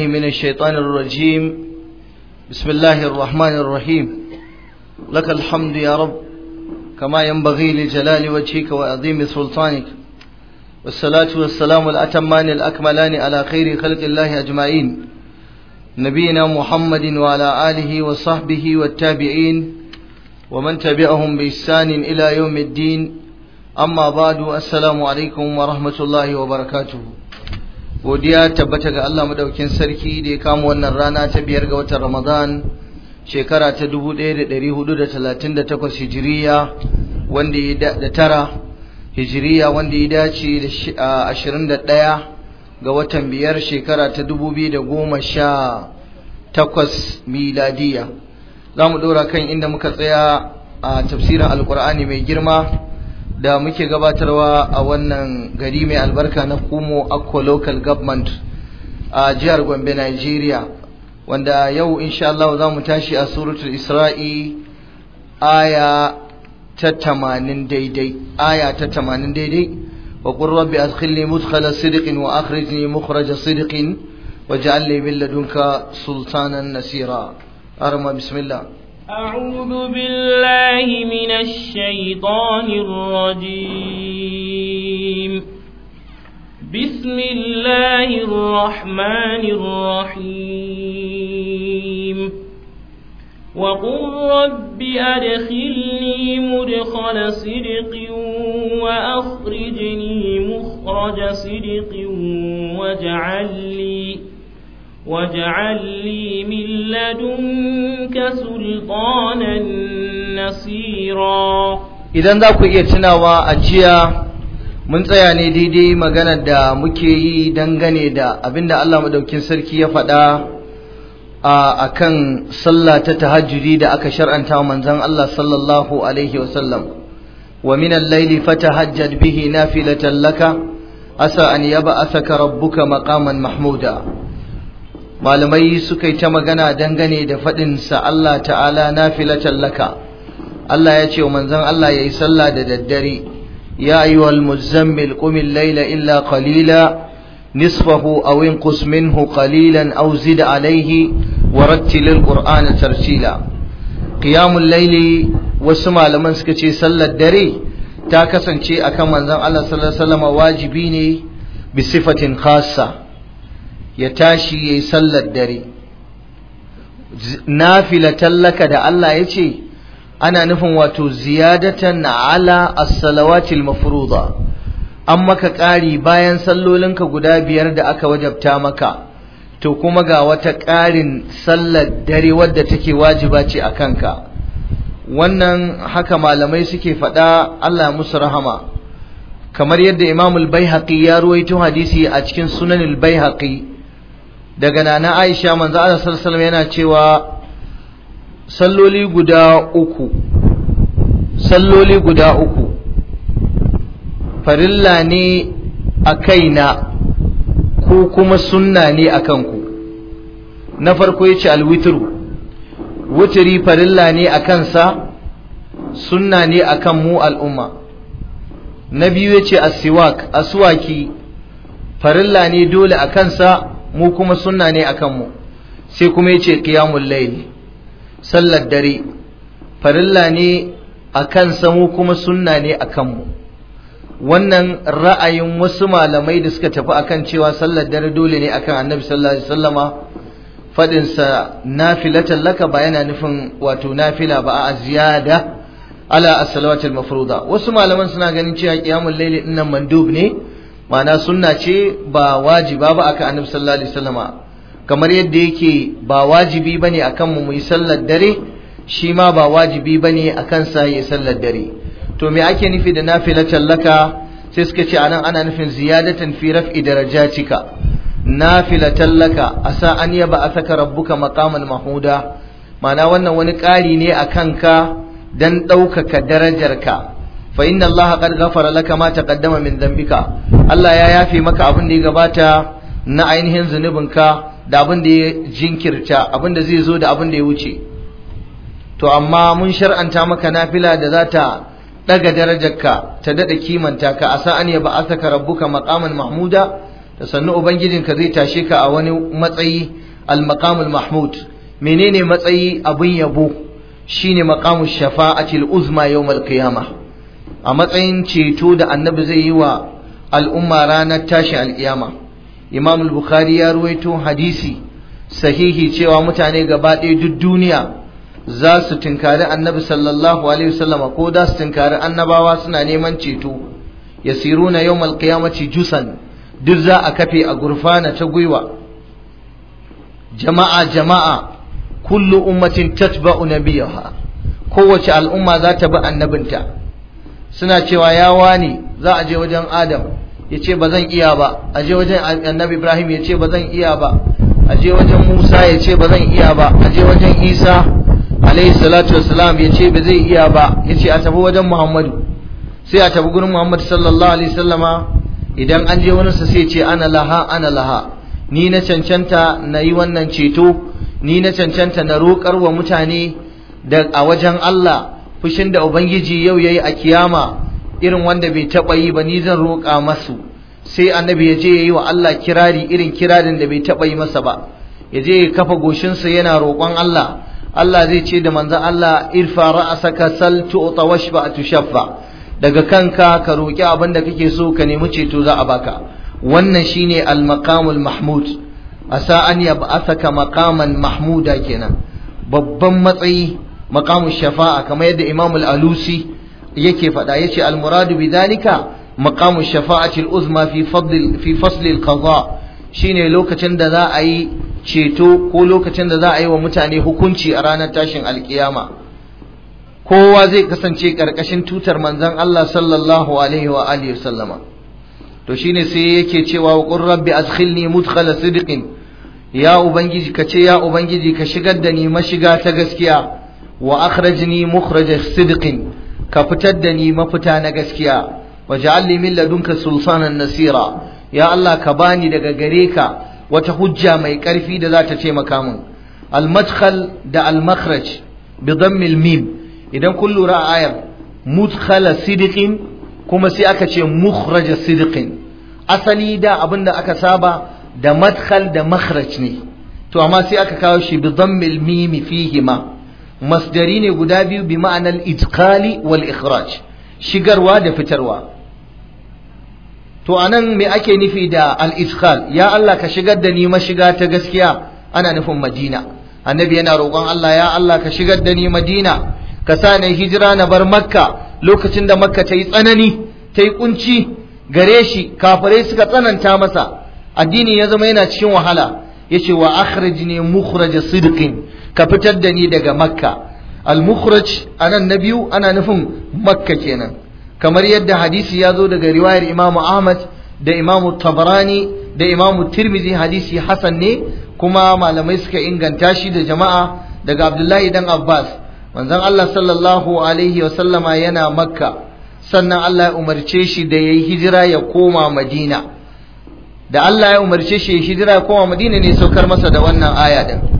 من الشيطان الرجيم بسم الله الرحمن الرحيم لك الحمد يا رب كما ينبغي لجلال وجهك وعظيم سلطانك والصلاة والسلام الأتمان الأكملان على خير خلق الله أجمعين نبينا محمد وعلى آله وصحبه والتابعين ومن تبعهم بإحسان إلى يوم الدين أما بعد السلام عليكم ورحمة الله وبركاته godiya tabbata ga Allah madaukin sarki da ya kama wannan rana ta biyar ga watan Ramadan shekara ta 1438 hijiriya wanda ya da tara hijiriya wanda ya dace da 21 ga watan biyar shekara ta 2018 miladiya za mu dora kan inda muka tsaya a tafsirin Alƙur'ani mai girma da muke gabatarwa a wannan gari mai albarka na kumo akwa local government a jihar gombe nigeria wanda yau insha Allah za mu tashi a suratul isra'i aya ta tamanin daidai aya ta tamanin daidai wa qur rabbi adkhilni mudkhala sidqin wa akhrijni mukhraja sidqin wa min ladunka sultanan nasira arma bismillah أعوذ بالله من الشيطان الرجيم بسم الله الرحمن الرحيم وقل رب أدخلني مدخل صدق وأخرجني مخرج صدق واجعل لي واجعل لي من لدنك سلطانا نصيرا idan za ku iya tunawa a jiya mun tsaya ne daidai maganar da muke yi dangane da abinda Allah madaukin sarki ya faɗa a kan sallah ta tahajjudi da aka shar'anta manzon Allah sallallahu alaihi wasallam wa min al-layli fatahajjad bihi nafilatan laka asa an Asaka, rabbuka maqaman mahmuda malamai suka yi ta magana dangane da faɗinsa Allah ta'ala na filatan laka Allah ya ce wa manzon Allah ya yi sallah da daddare ya ayyuhal muzammil qumil layla illa qalila nisfahu aw inqus minhu qalilan aw zid alayhi wa rattilil qur'ana tartila qiyamul layli wasu malaman suka ce sallar dare ta kasance akan manzon Allah sallallahu alaihi wajibi ne bi sifatin khassa ya tashi ya yi sallar dare nafila tallaka da Allah ya ce ana nufin wato ziyadatan ala as-salawatil mafruḍa an maka ƙari bayan sallolinka guda biyar da aka wajabta maka to kuma ga wata ƙarin sallar dare wadda take wajiba ce a kanka wannan haka malamai suke faɗa Allah musu rahama kamar yadda imamul al ya ruwaito hadisi a cikin Sunan al daga nana Aisha manzo Allah sallallahu alaihi yana cewa salloli guda uku salloli guda uku farilla ne a kaina ko kuma sunna ne a kanku na farko yace alwitru wuturi farilla ne a kansa sunna ne a kan mu al'umma na biyu yace asiwak aswaki farilla ne dole a kansa mu kuma sunna ne akan mu sai kuma yace qiyamul layl sallar dare farilla ne akan sa mu kuma sunna ne akan mu wannan ra'ayin wasu malamai da suka tafi akan cewa sallar dare dole ne akan annabi sallallahu alaihi wasallama fadin sa nafilatan laka ba yana nufin wato nafila ba a ziyada ala as-salawatil mafruda wasu malaman suna ganin cewa qiyamul laili dinnan mandub ne ma'ana sunna ce ba wajiba ba aka annabi sallallahu alaihi wasallama kamar yadda yake ba wajibi bane akan mu yi sallar dare shi ma ba wajibi bane akan sa yi sallar dare to me ake nufi da nafilatan laka sai suka ce anan ana nufin ziyadatan fi raf'i darajatika nafilatan laka asa an ya yaba asaka rabbuka maqaman mahuda ma'ana wannan wani ƙari ne akan ka dan ɗaukaka ka. fa inna allaha qad ghafara laka ma taqaddama min dhanbika Allah ya yafe maka abin da ya gabata na ainihin zunubinka da abin da ya jinkirta abin da zai zo da abin da ya wuce to amma mun shar'anta maka nafila da za ta daga darajarka ta dada kimanta ka asa an ya ba'athaka rabbuka maqaman mahmuda da sannu ubangijinka zai tashe ka a wani matsayi al-maqamul mahmud menene matsayi abin yabo shine maqamush shafa'atil uzma yawmal qiyamah a matsayin ceto da annabi zai yi wa al'umma ranar tashin al'iyama imam bukhari ya ruwaito hadisi sahihi cewa mutane gaba ɗaya duk duniya za su tunkari annabi sallallahu alaihi wasallam ko da su tunkari annabawa suna neman ceto yasiruna yawmal qiyamati jusan duk za a kafe a gurfana ta gwiwa jama'a jama'a kullu ummatin tatba'u nabiyaha kowace al'umma za ta bi annabinta suna cewa ya wani za a je wajen adam ya ce ba zan iya ba a je wajen annabi ibrahim ya ce ba zan iya ba a je wajen musa ya ce ba zan iya ba a je wajen isa alaihi salatu wasalam ya ce ba zai iya ba ya ce a tafi wajen muhammadu sai a tafi gurin muhammadu sallallahu alaihi sallama idan an je wani sai ce ana laha ana laha ni na cancanta na yi wannan ceto ni na cancanta na roƙar wa mutane da a wajen allah fushin da ubangiji yau yayi a kiyama irin wanda bai taba yi ba ni zan roƙa masu sai annabi ya je yayi wa Allah kirari irin kirarin da bai taba yi masa ba ya je ya kafa goshin sa yana roƙon Allah Allah zai ce da manzon Allah irfa ra'asaka sal tu'ta washba tushaffa daga kanka ka roƙi abin da kake so ka nemi ceto za a baka wannan shine al-maqamul mahmud asa an yab'athaka maqaman mahmuda kenan babban matsayi maqamu shafa'a kamar yadda Imam al-Alusi yake faɗa yace al-muradu bidhalika maqamu shafa'ati al-uzma fi fadl fi fasl al shine lokacin da za a yi ceto ko lokacin da za a yi wa mutane hukunci a ranar tashin alkiyama kowa zai kasance karkashin tutar manzon Allah sallallahu alaihi wa alihi wasallama to shine sai yake cewa wa qur rabbi adkhilni mudkhala sidqin ya ubangiji ka ce ya ubangiji ka shigar da ni mashiga ta gaskiya wa akhrajni mukhraj sidqin ka fitar da ni mafita na gaskiya waj'al li min ladunka sultanan nasira ya Allah ka bani daga gare ka wata hujja mai karfi da za ta taimaka min al-madkhal da al-makhraj bi mim idan kun lura ayar mudkhala sidqin kuma sai aka ce mukhraj sidqin asali da abinda aka saba da madkhal da makhraj ne to amma sai aka kawo shi bi dhammil mim fihima masdari ne guda biyu bi ma'anar itqali wal ikhraj shigarwa da fitarwa to anan me ake nufi da al itkal ya Allah ka shigar da ni mashiga ta gaskiya ana nufin Madina annabi yana roƙon Allah ya Allah ka shigar da ni Madina ka sa ni hijira na bar Makka lokacin da Makka ta yi tsanani ta yi kunci gare shi kafirai suka tsananta masa addini ya zama yana cikin wahala yace wa akhrijni mukhraj sidqin ka fitar da ni daga makka al-mukhraj anan na biyu ana nufin makka kenan kamar yadda hadisi ya zo daga riwayar imamu ahmad da imamu tabarani da imamu tirmizi hadisi hasan ne kuma malamai suka inganta shi da jama'a daga abdullahi dan abbas manzon allah sallallahu alaihi wa sallama yana makka sannan allah ya umarce shi da yayi hijira ya koma madina da allah ya umarce shi ya hijira ya koma madina ne saukar masa da wannan aya din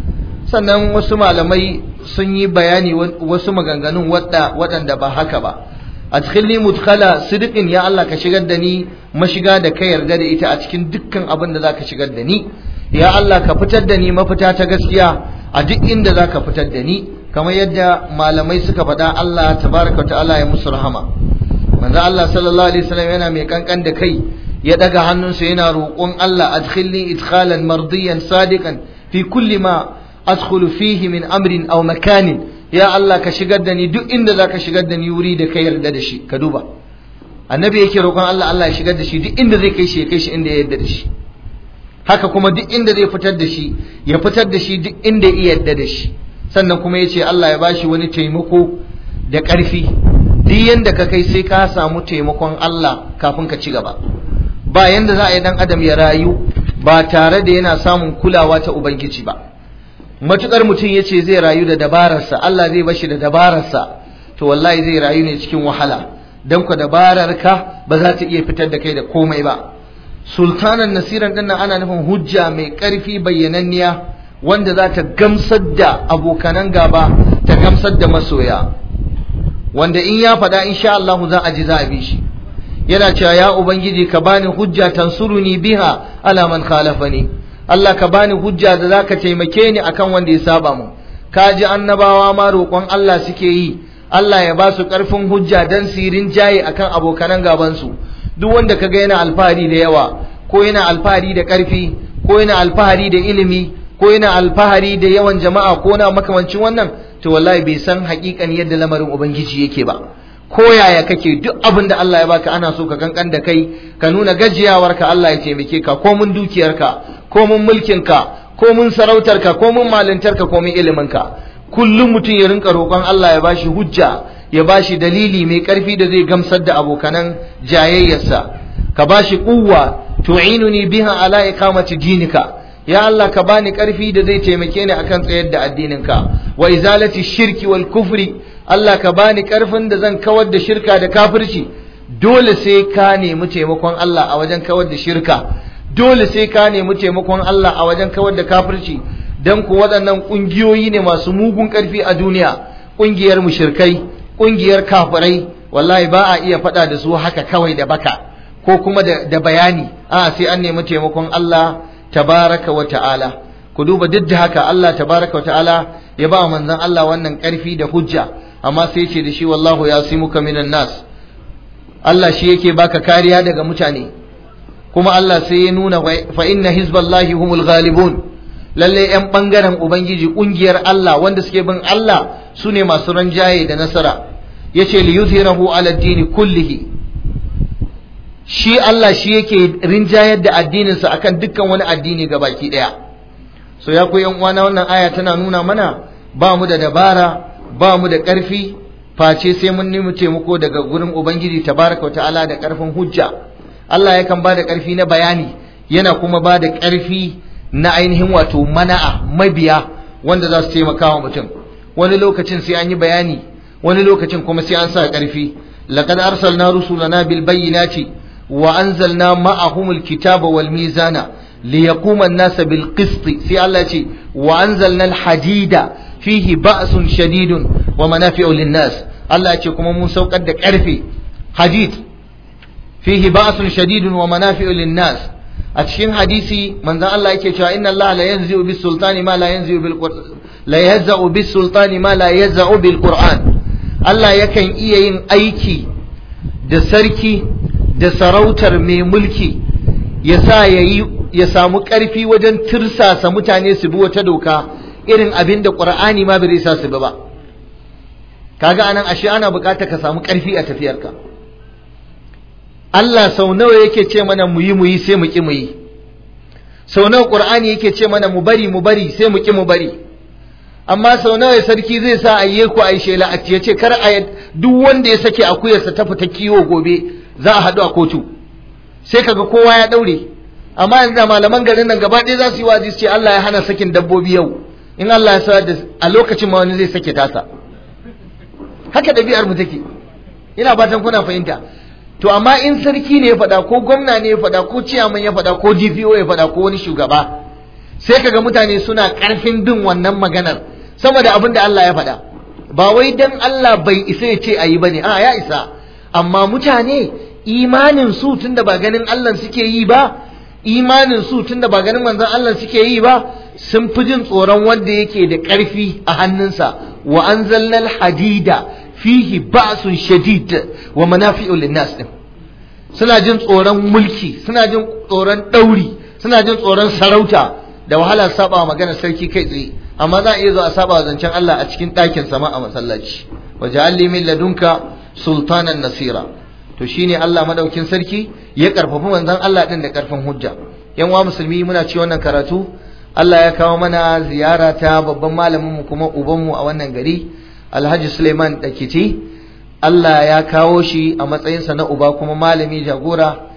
sannan wasu malamai sun yi bayani wasu maganganun waɗanda ba haka ba a cikin limutkala sidikin ya Allah ka shigar da ni mashiga da ka yarda da ita a cikin dukkan abin da za ka shigar da ni ya Allah ka fitar da ni mafita ta gaskiya a duk inda za ka fitar da ni kamar yadda malamai suka faɗa Allah tabaraka ta'ala ya musu rahama manzo Allah sallallahu alaihi wasallam yana mai kankan da kai ya daga hannunsa yana roƙon Allah adkhilni idkhalan mardiyan sadiqan fi kulli ma adkhulu fihi min amrin aw makanin ya Allah ka shigar da ni duk inda zaka shigar da ni wuri da ka yarda da shi ka duba annabi yake roƙon Allah Allah ya shigar da shi duk inda zai kai shi ya kai shi inda ya yarda da shi haka kuma duk inda zai fitar da shi ya fitar da shi duk inda ya yarda da shi sannan kuma yace Allah ya bashi wani taimako da ƙarfi duk yanda ka kai sai ka samu taimakon Allah kafin ka ci gaba ba yanda za a yi dan adam ya rayu ba tare da yana samun kulawa ta ubangiji ba matukar mutum ya ce zai rayu da dabararsa Allah zai bashi da dabararsa to wallahi zai rayu ne cikin wahala don ku dabararka ba za ta iya fitar da kai da komai ba sultanan nasiran din nan ana nufin hujja mai ƙarfi bayyananniya wanda za ta gamsar da abokanan gaba ta gamsar da masoya wanda in ya faɗa insha Allah za a ji za a bi shi yana cewa ya ubangiji ka bani hujja tansuruni biha ala man khalafani Allah ka bani hujja da zaka taimake ni akan wanda ya saba mu ka ji annabawa ma roƙon Allah suke yi Allah ya ba su ƙarfin hujja dan sirin jaye akan abokanan gaban su duk wanda kaga yana alfahari da yawa ko yana alfahari da ƙarfi ko yana alfahari da ilimi ko yana alfahari da yawan jama'a ko na makamancin wannan to wallahi bai san haƙiƙan yadda lamarin ubangiji yake ba ko yaya kake duk abin da Allah ya baka ana so ka kankan da kai ka nuna gajiyawarka Allah ya taimake ka ko mun dukiyarka ko mun ka, ko mun sarautarka ko mun malintarka ko mun iliminka kullum mutum ya rinka roƙon Allah ya bashi hujja ya bashi dalili mai ƙarfi da zai gamsar da abokanan jayayyarsa ka bashi kuwa tu'inuni biha ala iqamati dinika ya Allah ka bani karfi da zai taimake ni akan tsayar da addininka wa izalati shirki wal kufri Allah ka bani karfin da zan kawar da shirka da kafirci dole sai ka nemi taimakon Allah a wajen kawar da shirka dole sai ka nemi taimakon Allah a wajen kawar da kafirci dan ku waɗannan ƙungiyoyi ne masu mugun karfi a duniya ƙungiyar mushirkai ƙungiyar kafirai wallahi ba a iya faɗa da su haka kawai da baka ko kuma da bayani a sai an nemi taimakon Allah tabaraka wa ta'ala ku duba duk da haka Allah tabaraka wa ta'ala ya ba manzon Allah wannan karfi da hujja amma sai ce da shi wallahu ya yasimuka minan nas Allah shi yake baka kariya daga mutane kuma Allah sai ya nuna fa inna hizballahi humul ghalibun lalle yan bangaren ubangiji kungiyar Allah wanda suke bin Allah sune masu ranjaye da nasara yace li yuzhirahu ala dini kullihi shi Allah shi yake rinjayar da addininsa akan dukkan wani addini ga baki ɗaya so ya ku uwana wannan aya tana nuna mana ba mu da dabara ba mu da ƙarfi face sai mun nemi taimako daga gurin ubangiji tabaraka ta'ala da ƙarfin hujja Allah yakan ba da ƙarfi na bayani yana kuma ba da ƙarfi na ainihin wato mana'a mabiya wanda za su taimaka wa mutum wani lokacin sai an yi bayani wani lokacin kuma sai an sa ƙarfi laqad arsalna rusulana bil bayyinati wa anzalna ma'ahumul kitaba wal mizana ليقوم الناس بالقسط في الله شيء وأنزلنا الحديد فيه بأس شديد ومنافع للناس الله شيء كما موسى قدك عرفي حديد فيه بأس شديد ومنافع للناس أتشين حديثي من ذا الله يكي إن الله لا ينزع بالسلطان ما لا ينزع بالقرآن لا يهزع بالسلطان ما لا يهزع بالقرآن الله يكن إيه أيكي da sarki da sarautar mai mulki ya sa ya samu ƙarfi wajen tirsasa mutane su bi wata doka irin abin da ƙur'ani ma bai sa su bi ba kaga anan ashe ana buƙatar ka samu ƙarfi a tafiyarka Allah sau nawa yake ce mana mu yi mu yi sai mu ki mu yi sau nawa ƙur'ani yake ce mana mu bari mu bari sai mu ki mu bari amma sau nawa sarki zai sa a yi ku a yi ce kar a duk wanda ya sake akuyarsa ta fita kiwo gobe za a haɗu a kotu sai kaga kowa ya ɗaure amma yanzu da malaman garin nan gaba ɗaya za su yi wazi su ce Allah ya hana sakin dabbobi yau in Allah ya sa a lokacin ma wani zai sake tasa haka ɗabi'ar mu take ina fatan kuna fahimta to amma in sarki ne ya faɗa ko gwamna ne ya faɗa ko ciyaman ya faɗa ko DPO ya faɗa ko wani shugaba sai kaga mutane suna ƙarfin bin wannan maganar saboda abin da Allah ya faɗa ba wai dan Allah bai isa ya ce a yi bane a ya isa amma mutane imanin su da ba ganin Allah suke yi ba imanin su tunda ba ganin manzon Allah suke yi ba sun fi jin tsoron wanda yake da ƙarfi a hannunsa wa anzalnal hadida fihi ba'sun shadid wa manafi'u linnas suna jin tsoron mulki suna jin tsoron dauri suna jin tsoron sarauta da wahala saba magana sarki kai tsaye amma za a iya zo a saba zancen Allah a cikin ɗakin sama a masallaci wa ja'alli min ladunka sultanan nasira to shine Allah maɗaukin sarki ya karfafi manzon Allah din da karfin hujja yan wa musulmi muna ci wannan karatu Allah ya kawo mana ziyara ta babban malamin mu kuma ubanmu a wannan gari Alhaji Suleiman Dakiti Allah ya kawo shi a matsayin sa na uba kuma malami jagora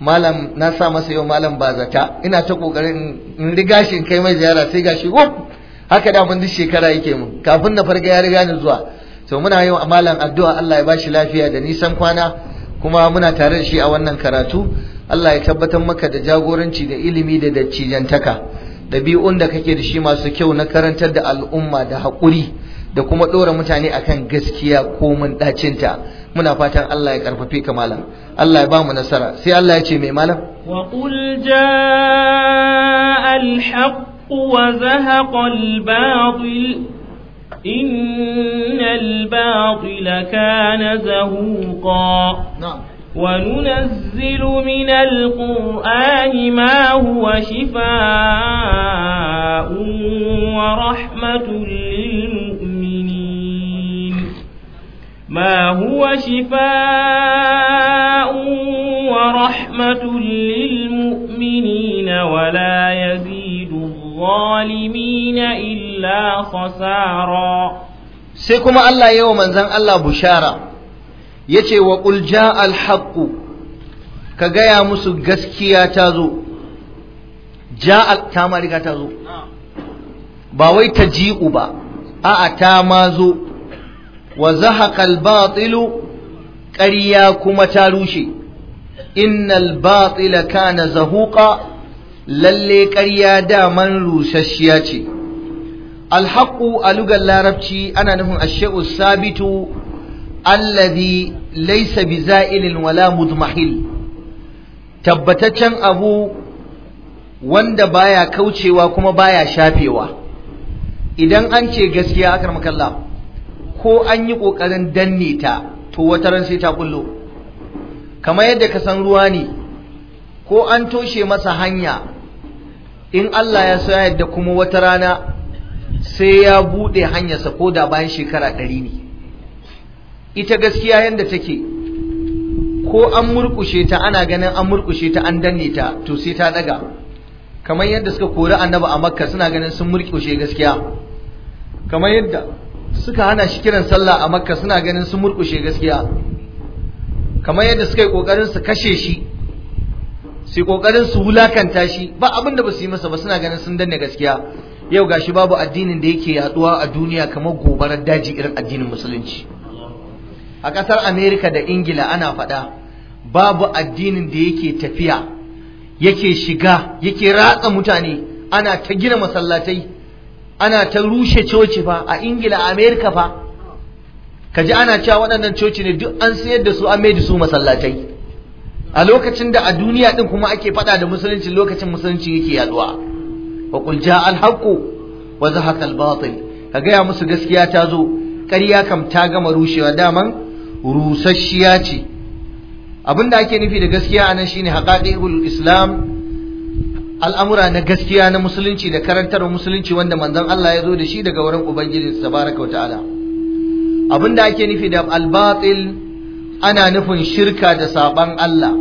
malam na sa masa yau malam bazata ina ta kokarin in riga shi kai mai ziyara sai gashi wuf haka da mun shekara yake mu kafin na farga ya riga ni zuwa to muna yi malam addu'a Allah ya bashi lafiya da nisan kwana kuma muna tare da shi a wannan karatu Allah ya tabbatar maka da jagoranci da ilimi da dacijantaka ɗabi'un da kake da shi masu kyau na karantar da al'umma da haƙuri da kuma ɗora mutane akan gaskiya ko mun ɗacinta muna fatan Allah ya karfafe ka malam Allah ya ba mu nasara sai Allah ya ce mai malam wa qul jaa al-haqq wa zahaqa al إن الباطل كان زهوقا نعم وننزل من القرآن ما هو شفاء ورحمة للمؤمنين ما هو شفاء ورحمة للمؤمنين ولا يزيد للظالمين إلا خسارا سيكما الله يوم أنزان الله بشارة يتي وقل جاء الحق كغايا مسو غسكيا تازو جاء تاماريكا تازو باوي تجيء با أأتامازو وزهق الباطل ƙarya kuma ta rushe innal batila kana zahuqa lalle ƙarya daman rusasshiya ce alhaƙu a lugar larabci ana nufin ashe'u sabitu allazi laisa bi wala mudmahil tabbataccen abu wanda baya kaucewa kuma baya shafewa idan an ce gaskiya akar makalla ko an yi ƙoƙarin danne ta to wata ran sai ta kullo kamar yadda ka san ruwa ne ko an toshe masa hanya in Allah ya sa yadda kuma wata rana sai ya buɗe hanyarsa ko da bayan shekara ɗari ne ita gaskiya yadda take ko an murƙushe ta ana ganin an murƙushe ta an danne ta to sai ta daga kamar yadda suka kori annabi a makka suna ganin sun murƙushe gaskiya kamar yadda suka hana shi kiran sallah a makka suna ganin sun murƙushe gaskiya kamar yadda suka yi ƙoƙarin su kashe shi sai kokarin su wulakanta shi ba abin da ba su yi masa ba suna ganin sun danne gaskiya yau gashi babu addinin da yake yaduwa a duniya kamar gobarar daji irin addinin musulunci a ƙasar Amerika da ingila ana faɗa babu addinin da yake tafiya yake shiga yake ratsa mutane ana ta gina masallatai ana ta rushe coci fa a ingila a america fa kaji ana cewa waɗannan coci ne duk an sayar da su an mai da su masallatai a lokacin da a duniya din kuma ake faɗa da musulunci lokacin musulunci yake yaduwa wa ja al haqqu wa zahaka al batil ka gaya musu gaskiya ta zo ƙarya kam ta gama rushewa daman rusasshiya ce abinda ake nufi da gaskiya anan shine haqaqiqul islam al'amura na gaskiya na musulunci da karantar musulunci wanda manzon Allah ya zo da shi daga wurin ubangiji tabaraka wa ta'ala abinda ake nufi da al-batil ana nufin shirka da saban Allah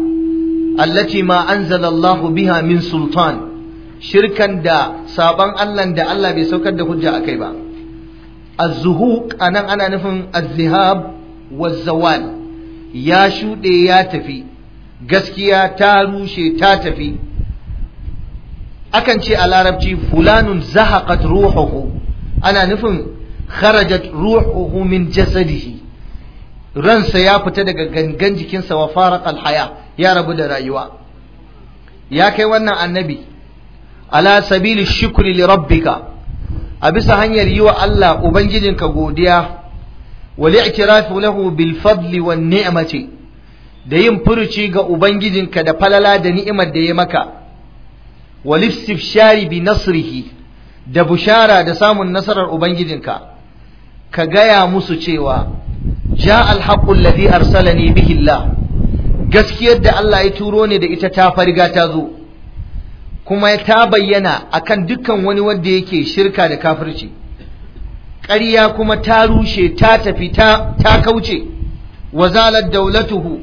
allati ma anzalallahu biha min sultan shirkan da saban Allah da Allah bai saukar da hujja akai ba az-zuhuq anan ana nufin az-zihab waz-zawal ya shude ya tafi gaskiya ta rushe ta tafi akan ce a larabci fulanun zahaqat ruhuhu ana nufin kharajat ruhuhu min jasadihi ransa ya fita daga gangan jikinsa wa faraq alhaya ya rabu da rayuwa ya kai wannan annabi ala sabili shukri li rabbika a bisa hanyar yi wa Allah ubangijinka godiya wal i'tirafu lahu bil fadli wan ni'mati da yin furuci ga ubangijinka da falala da ni'imar da ya maka wal istifshari bi nasrihi da bushara da samun nasarar ubangijinka ka gaya musu cewa ja alhaqqu alladhi arsalani bihi Allah gaskiyar da Allah ya turo ne da ita ta farga ta zo kuma ta bayyana akan dukkan wani wanda yake shirka da kafirci ƙarya kuma ta rushe ta tafi ta ta kauce wa zalat dawlatuhu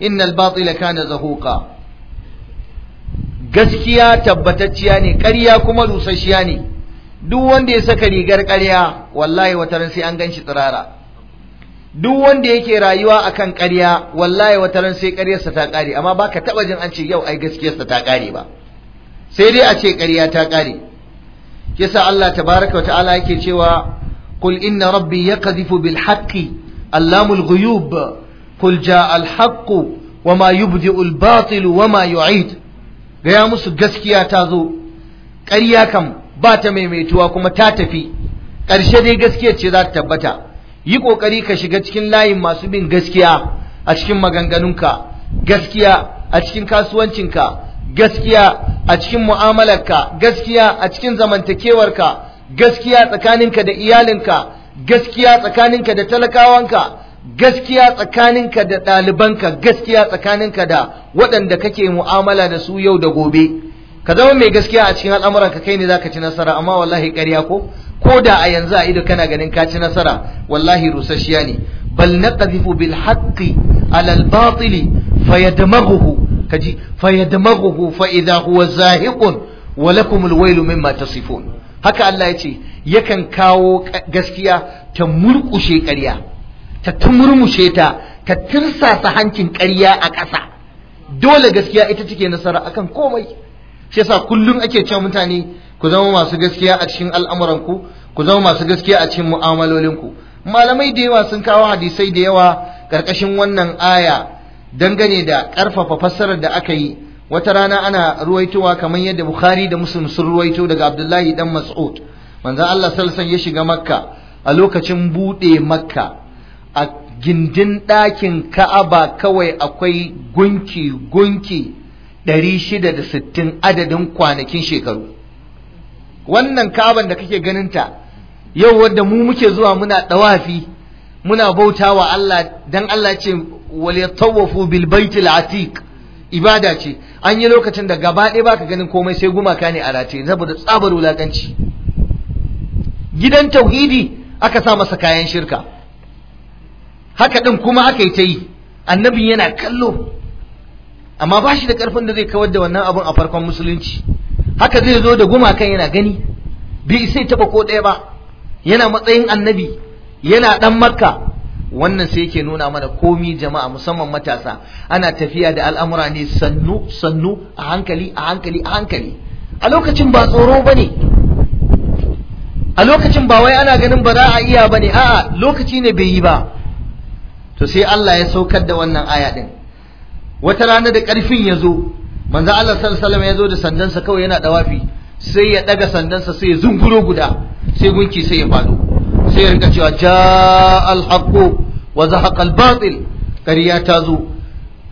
innal batila kana zahuqa gaskiya tabbatacciya ne ƙarya kuma rusasshiya ne duk wanda ya saka rigar ƙarya wallahi wataran sai an ganshi tsirara duk wanda yake rayuwa akan ƙarya wallahi wata ran sai ƙaryarsa ta ƙare amma baka taba jin an ce yau ai gaskiyarsa ta ƙare ba sai dai a ce ƙarya ta ƙare yasa Allah tabaraka wa ta'ala yake cewa kul inna rabbi ya yaqdhifu bil haqqi allamul ghuyub qul jaa al wa ma yubdi'u al batil wa ma yu'id gaya musu gaskiya ta zo ƙarya kam ba ta maimaituwa kuma ta tafi ƙarshe dai gaskiyar ce za ta tabbata yi ƙoƙari ka shiga cikin layin masu bin gaskiya a cikin maganganunka gaskiya a cikin kasuwancinka gaskiya a cikin mu'amalarka gaskiya a cikin zamantakewarka gaskiya tsakaninka da iyalinka gaskiya tsakaninka da talakawanka gaskiya tsakaninka da ɗalibanka gaskiya tsakaninka da waɗanda kake mu'amala da su yau da gobe ka zama mai gaskiya a cikin al'amuranka kai ne za ka ci nasara amma wallahi ƙarya ko ko da a yanzu a ido kana ganin ka ci nasara wallahi rusasshiya ne bal naqdhifu bil haqqi ala al batili fayadmaghuhu kaji fa idha huwa zahiqun wa lakum al waylu mimma tasifun haka Allah yace yakan kawo gaskiya ta murkushe ƙarya ta tumurmushe ta ta tirsasa hancin ƙarya a ƙasa dole gaskiya ita take nasara akan komai shi yasa kullum ake cewa mutane ku zama masu gaskiya a cikin al'amuranku ku zama masu gaskiya a cikin mu'amalolinku malamai da yawa sun kawo hadisai da yawa ƙarƙashin wannan aya dangane da karfafa fassarar da aka yi wata rana ana ruwaitowa kamar yadda bukhari da muslim sun ruwaito daga abdullahi dan mas'ud manzon Allah salsan ya shiga makka a lokacin buɗe makka a gindin ɗakin ka'aba kawai akwai gunki gunki 660 adadin kwanakin shekaru wannan kaban da kake ganinta yau wadda mu muke zuwa muna dawafi muna bautawa Allah dan Allah ce wal yatawafu bil baitil atiq ibada ce an yi lokacin da gaba ɗaya baka ganin komai sai gumaka ne a rataye saboda tsabar wulakanci gidan tauhidi aka sa masa kayan shirka haka din kuma aka yi ta yi annabin yana kallo amma ba shi da ƙarfin da zai kawar da wannan abun a farkon musulunci haka zai zo da gumakan yana gani bai sai taba ko ɗaya ba yana matsayin annabi yana ɗan makka wannan sai yake nuna mana komi jama'a musamman matasa ana tafiya da al'amura ne sannu sannu a hankali a hankali a hankali a lokacin ba tsoro ba ne a lokacin ba wai ana ganin ba za a iya ba ne a'a lokaci ne bai yi ba to sai Allah ya saukar da wannan aya din wata rana da ƙarfin ya zo manzo Allah sallallahu alaihi ya zo da sandansa kawai yana dawafi sai ya daga sandansa sai ya zunguro guda sai gunki sai ya fado sai ya rika cewa ja al-haqqu wa zahaqal batil ƙarya ta zo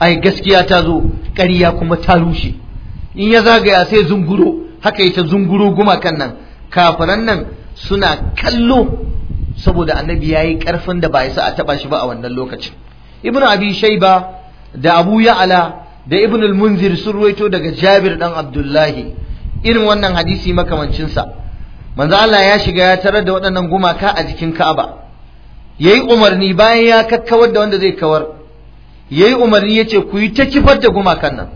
ai gaskiya ta zo ƙarya kuma ta rushe in ya zagaya sai zunguro haka ita zunguro gumakan nan kafiran nan suna kallo saboda annabi ya yi ƙarfin da ba ya sa a taɓa shi ba a wannan lokacin ibnu abi shaiba da abu ya'ala da ibn al-munzir sun ruwaito daga jabir dan abdullahi irin wannan hadisi makamancinsa. sa manzo Allah ya shiga ya tarar da waɗannan gumaka a jikin Ka'aba yayi umarni bayan ya kakkawar da wanda zai kawar yayi umarni yace ku yi ta kifar da gumakan nan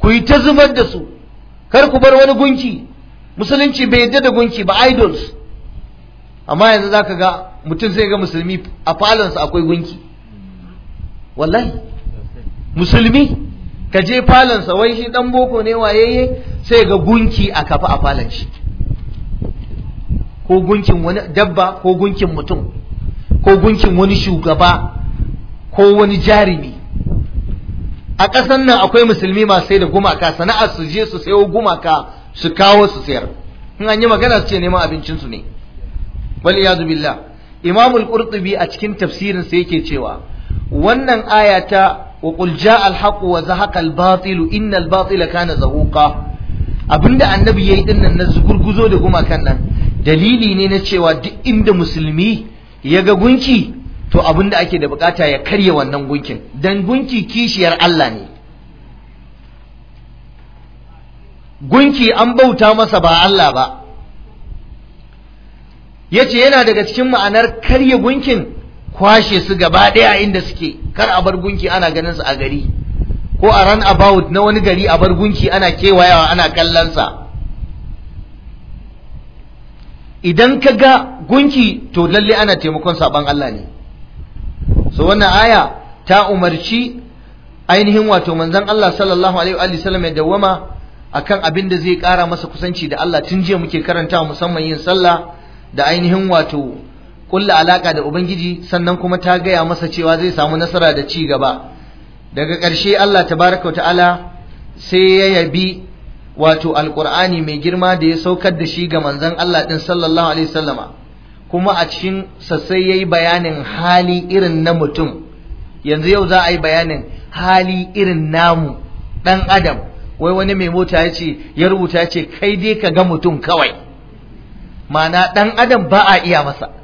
ku yi ta zubar da su kar ku bar wani gunki musulunci bai yadda da gunki ba idols amma yanzu zaka ga mutum sai ga musulmi a falonsa akwai gunki wallahi musulmi ka je falonsa wai shi dan boko ne wayayye sai ga gunki a kafa a falon shi ko gunkin wani dabba ko gunkin mutum ko gunkin wani shugaba ko wani jarumi a ƙasan nan akwai musulmi masu sai da gumaka sana'ar su je su sayo gumaka su kawo su sayar in an yi magana su ce neman abincinsu ne wal iyadu billah imamul qurtubi a cikin tafsirin sa yake cewa wannan aya ta wa qul jaa al-haqq wa zahaqa al-batil inna al-batila kana zahuqa abinda annabi yayi din nan na gurguzo da gumakan nan dalili ne na cewa duk inda musulmi ya ga gunki to abinda ake da bukata ya karya wannan gunkin dan gunki kishiyar Allah ne gunki an bauta masa ba Allah ba yace yana daga cikin ma'anar karya gunkin kwashe su gaba ɗaya inda suke kar a bar gunki ana ganin su a gari ko a ran about na wani gari a bar gunki ana kewayawa ana kallon sa idan ka ga gunki to lalle ana taimakon saban Allah ne so wannan aya ta umarci ainihin wato manzon Allah sallallahu alaihi wa sallam ya dawwama akan abin da zai kara masa kusanci da Allah tun jiya muke karanta musamman yin sallah da ainihin wato kulla alaka da ubangiji sannan kuma ta gaya masa cewa zai samu nasara da ci gaba daga ƙarshe Allah tabaraka wa ta'ala sai ya yabi wato alqur'ani mai girma da ya saukar da shi ga manzon Allah ɗin sallallahu alaihi wasallama kuma a cikin sassai yayi bayanin hali irin na mutum yanzu yau za a yi bayanin hali irin namu Ɗan adam wai wani mai mota ya ce ya rubuta ya ce kai dai ka ga mutum kawai ma'ana ɗan adam ba a iya masa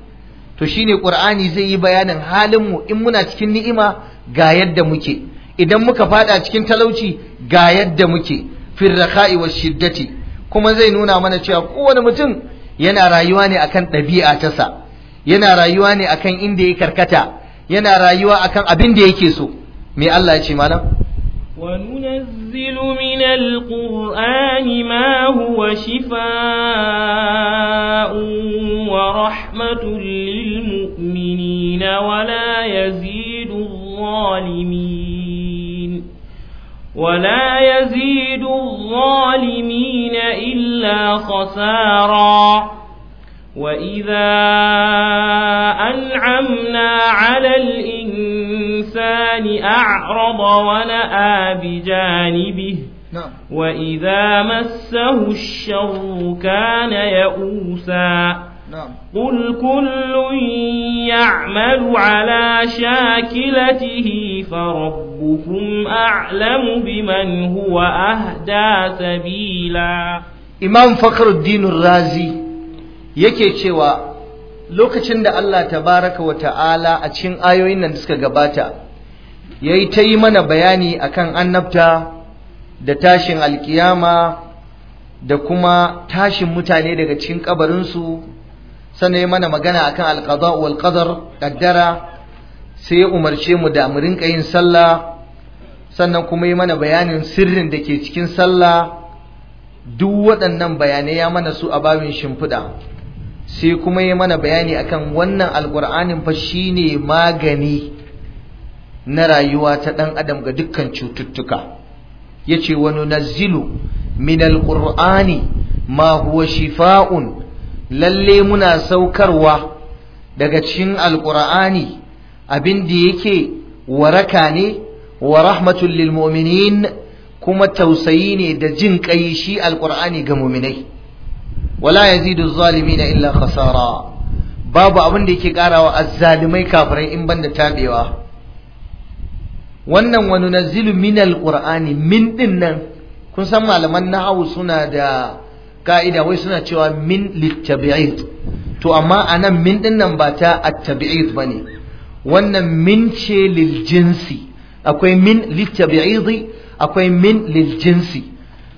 to shine qur'ani zai yi bayanin halin mu in muna cikin ni'ima ga yadda muke idan muka fada cikin talauci ga yadda muke firraka'i wa shiddati kuma zai nuna mana cewa kowane mutum yana rayuwa ne akan ɗabi'a ta sa yana rayuwa ne akan inda ya karkata yana rayuwa akan abin da yake so me Allah ya ce malam وننزل من القرآن ما هو شفاء ورحمة للمؤمنين ولا يزيد الظالمين ولا يزيد الظالمين إلا خساراً وإذا أنعمنا على الإنسان أعرض ونأى بجانبه نعم. وإذا مسه الشر كان يئوسا نعم. قل كل يعمل على شاكلته فربكم أعلم بمن هو أهدى سبيلا إمام فخر الدين الرازي yake cewa lokacin da Allah tabaraka wa ta'ala a cikin ayoyin nan da suka gabata yayi ta yi mana bayani akan annabta da tashin alkiyama da kuma tashin mutane daga cikin kabarinsu sannan ya mana magana akan alkaza wal qadar sai ya umarce mu da mu rinka yin sallah sannan kuma yi mana bayanin sirrin da ke cikin sallah duk waɗannan bayanai ya mana su a babin shimfiɗa sai kuma yi mana bayani akan wannan alkur'anin fa shine magani na rayuwa ta ɗan adam ga dukkan cututtuka ya yace na nunazzilu min Alƙur'ani ma huwa shifaa'un lalle muna saukarwa daga cikin Alƙur'ani abin da yake waraka ne wa rahmatul lil kuma tausayi ne da jin ƙai shi Alƙur'ani ga mu'minai wala yazidu na illa khasara babu abin da yake karawa azzalimai kafirai in banda tabewa wannan wani nazilu min Qur'ani, min din nan kun san malaman nahawu suna da ka'ida wai suna cewa min littabi'id to amma anan min din nan ba ta attabi'id bane wannan min ce lil jinsi akwai min littabi'idi akwai min lil jinsi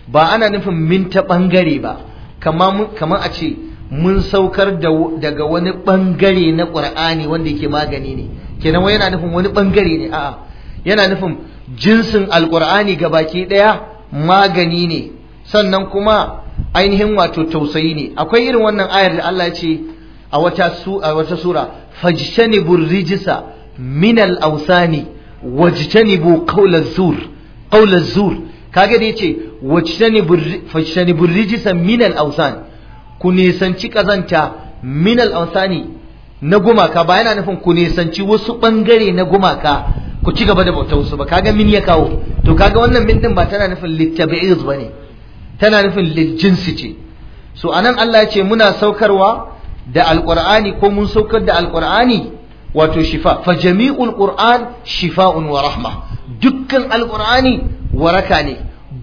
ba ana nufin min ta bangare ba kamar a ce mun saukar daga wani bangare na ƙur'ani wanda yake magani ne kenan yana nufin wani bangare ne a'a yana nufin jinsin alƙur'ani baki ɗaya magani ne sannan kuma ainihin wato tausayi ne akwai irin wannan ayar da Allah ce a wata su a wata sura fajtanibur rijsa min al-awsani bu qawla zur qawla zur kage da ya ce burrijisa min al-awsan ku nisanci kazanta minal al na gumaka ba yana nufin ku nisanci wasu bangare na gumaka ku ci gaba da bauta wasu ba kaga min ya kawo to kaga wannan min din ba tana nufin littabi'iz bane tana nufin liljinsi ce so anan Allah ya ce muna saukarwa da alqur'ani ko mun saukar da alqur'ani wato shifa fa jami'ul qur'an shifa'un wa rahma dukkan alqur'ani waraka ne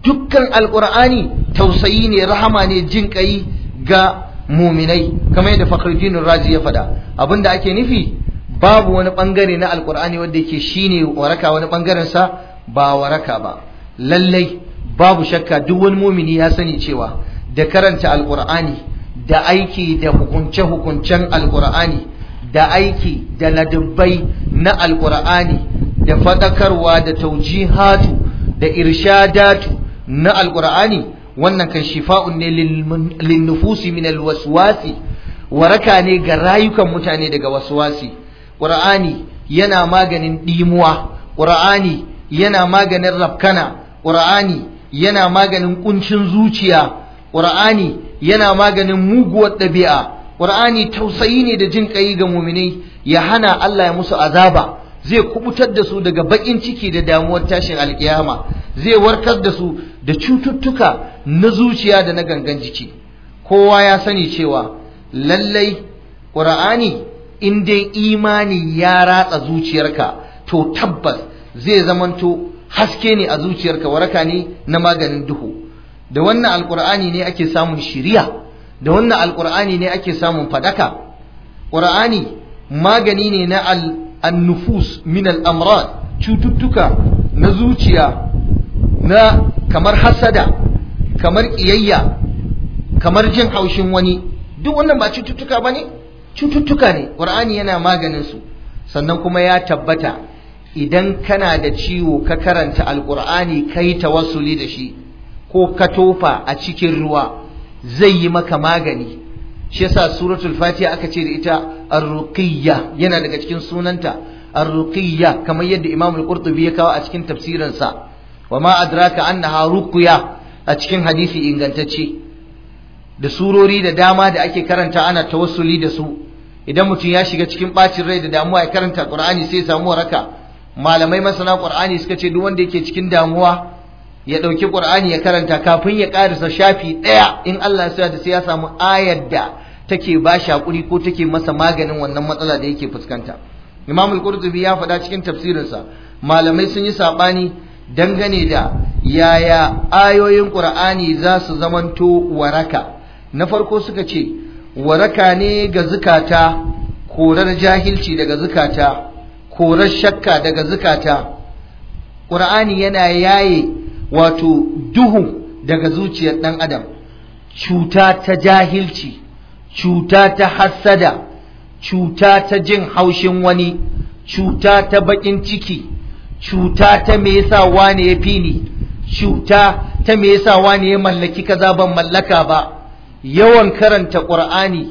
dukkan alqur'ani tausayi ne rahama ne jin kai ga muminai kamar yadda fakhruddin razi ya faɗa abinda ake nufi babu wani bangare na alqur'ani wanda yake shine waraka wani bangaren sa ba waraka ba lallai babu shakka duk wani mumini ya sani cewa da karanta alqur'ani da aiki da hukunce hukuncen alqur'ani da aiki da ladabbai na alqur'ani da fadakarwa da taujihatu da irshadatu na alkur'ani wannan kan shifa'un ne lin min alwaswasi waraka ne ga rayukan mutane daga waswasi qur'ani yana maganin dimuwa qur'ani yana maganin rafkana qur'ani yana maganin kuncin zuciya qur'ani yana maganin muguwar ɗabi'a qur'ani tausayi ne da jin kai ga muminai ya hana Allah ya musu azaba zai kubutar da su daga bakin ciki da damuwar tashin alkiyama zai warkar da su da cututtuka na zuciya da na gangan jiki kowa ya sani cewa lallai ƙur'ani in dai imani ya ratsa zuciyarka to tabbas zai zamanto haske ne a zuciyarka waraka ne na maganin duhu da wannan alƙur'ani ne ake samun shiriya da wannan alƙur'ani ne ake samun fadaka ƙur'ani magani ne na al annufus min al'amrad cututtuka na zuciya na kamar hasada kamar ƙiyayya kamar jin haushin wani duk wannan ba cututtuka ba ne cututtuka ne ƙur'ani yana maganin su sannan kuma ya tabbata idan kana da ciwo ka karanta alƙur'ani kai tawassuli da shi ko ka tofa a cikin ruwa zai yi maka magani shi yasa suratul fatiha aka ce da ita ar-ruqiyya yana daga cikin sunanta ar-ruqiyya kamar yadda imam al-qurtubi ya kawo a cikin sa wa ma adraka annaha ruqya a cikin hadisi ingantacce da surori da dama da ake karanta ana tawassuli da su idan mutum ya shiga cikin bacin rai da damuwa ya karanta qur'ani sai ya samu waraka malamai masana qur'ani suka ce duk wanda yake cikin damuwa ya ɗauki ƙur'ani ya karanta kafin ya ƙarisa shafi ɗaya in Allah ya da sai ya samu ayar da take ba shi haƙuri ko take masa maganin wannan matsala da yake fuskanta Imam Al-Qurtubi ya faɗa cikin tafsirinsa malamai sun yi saɓani dangane da yaya ayoyin ƙur'ani za su zamanto waraka na farko suka ce waraka ne ga zukata korar jahilci daga zukata korar shakka daga zukata ƙur'ani yana yaye wato duhu daga zuciyar ɗan adam cuta ta jahilci cuta ta hassada cuta ta jin haushin wani cuta ta baƙin ciki cuta ta me yasa wane ya fi ni cuta ta me yasa wane ya mallaki kaza ban mallaka ba yawan karanta ƙur'ani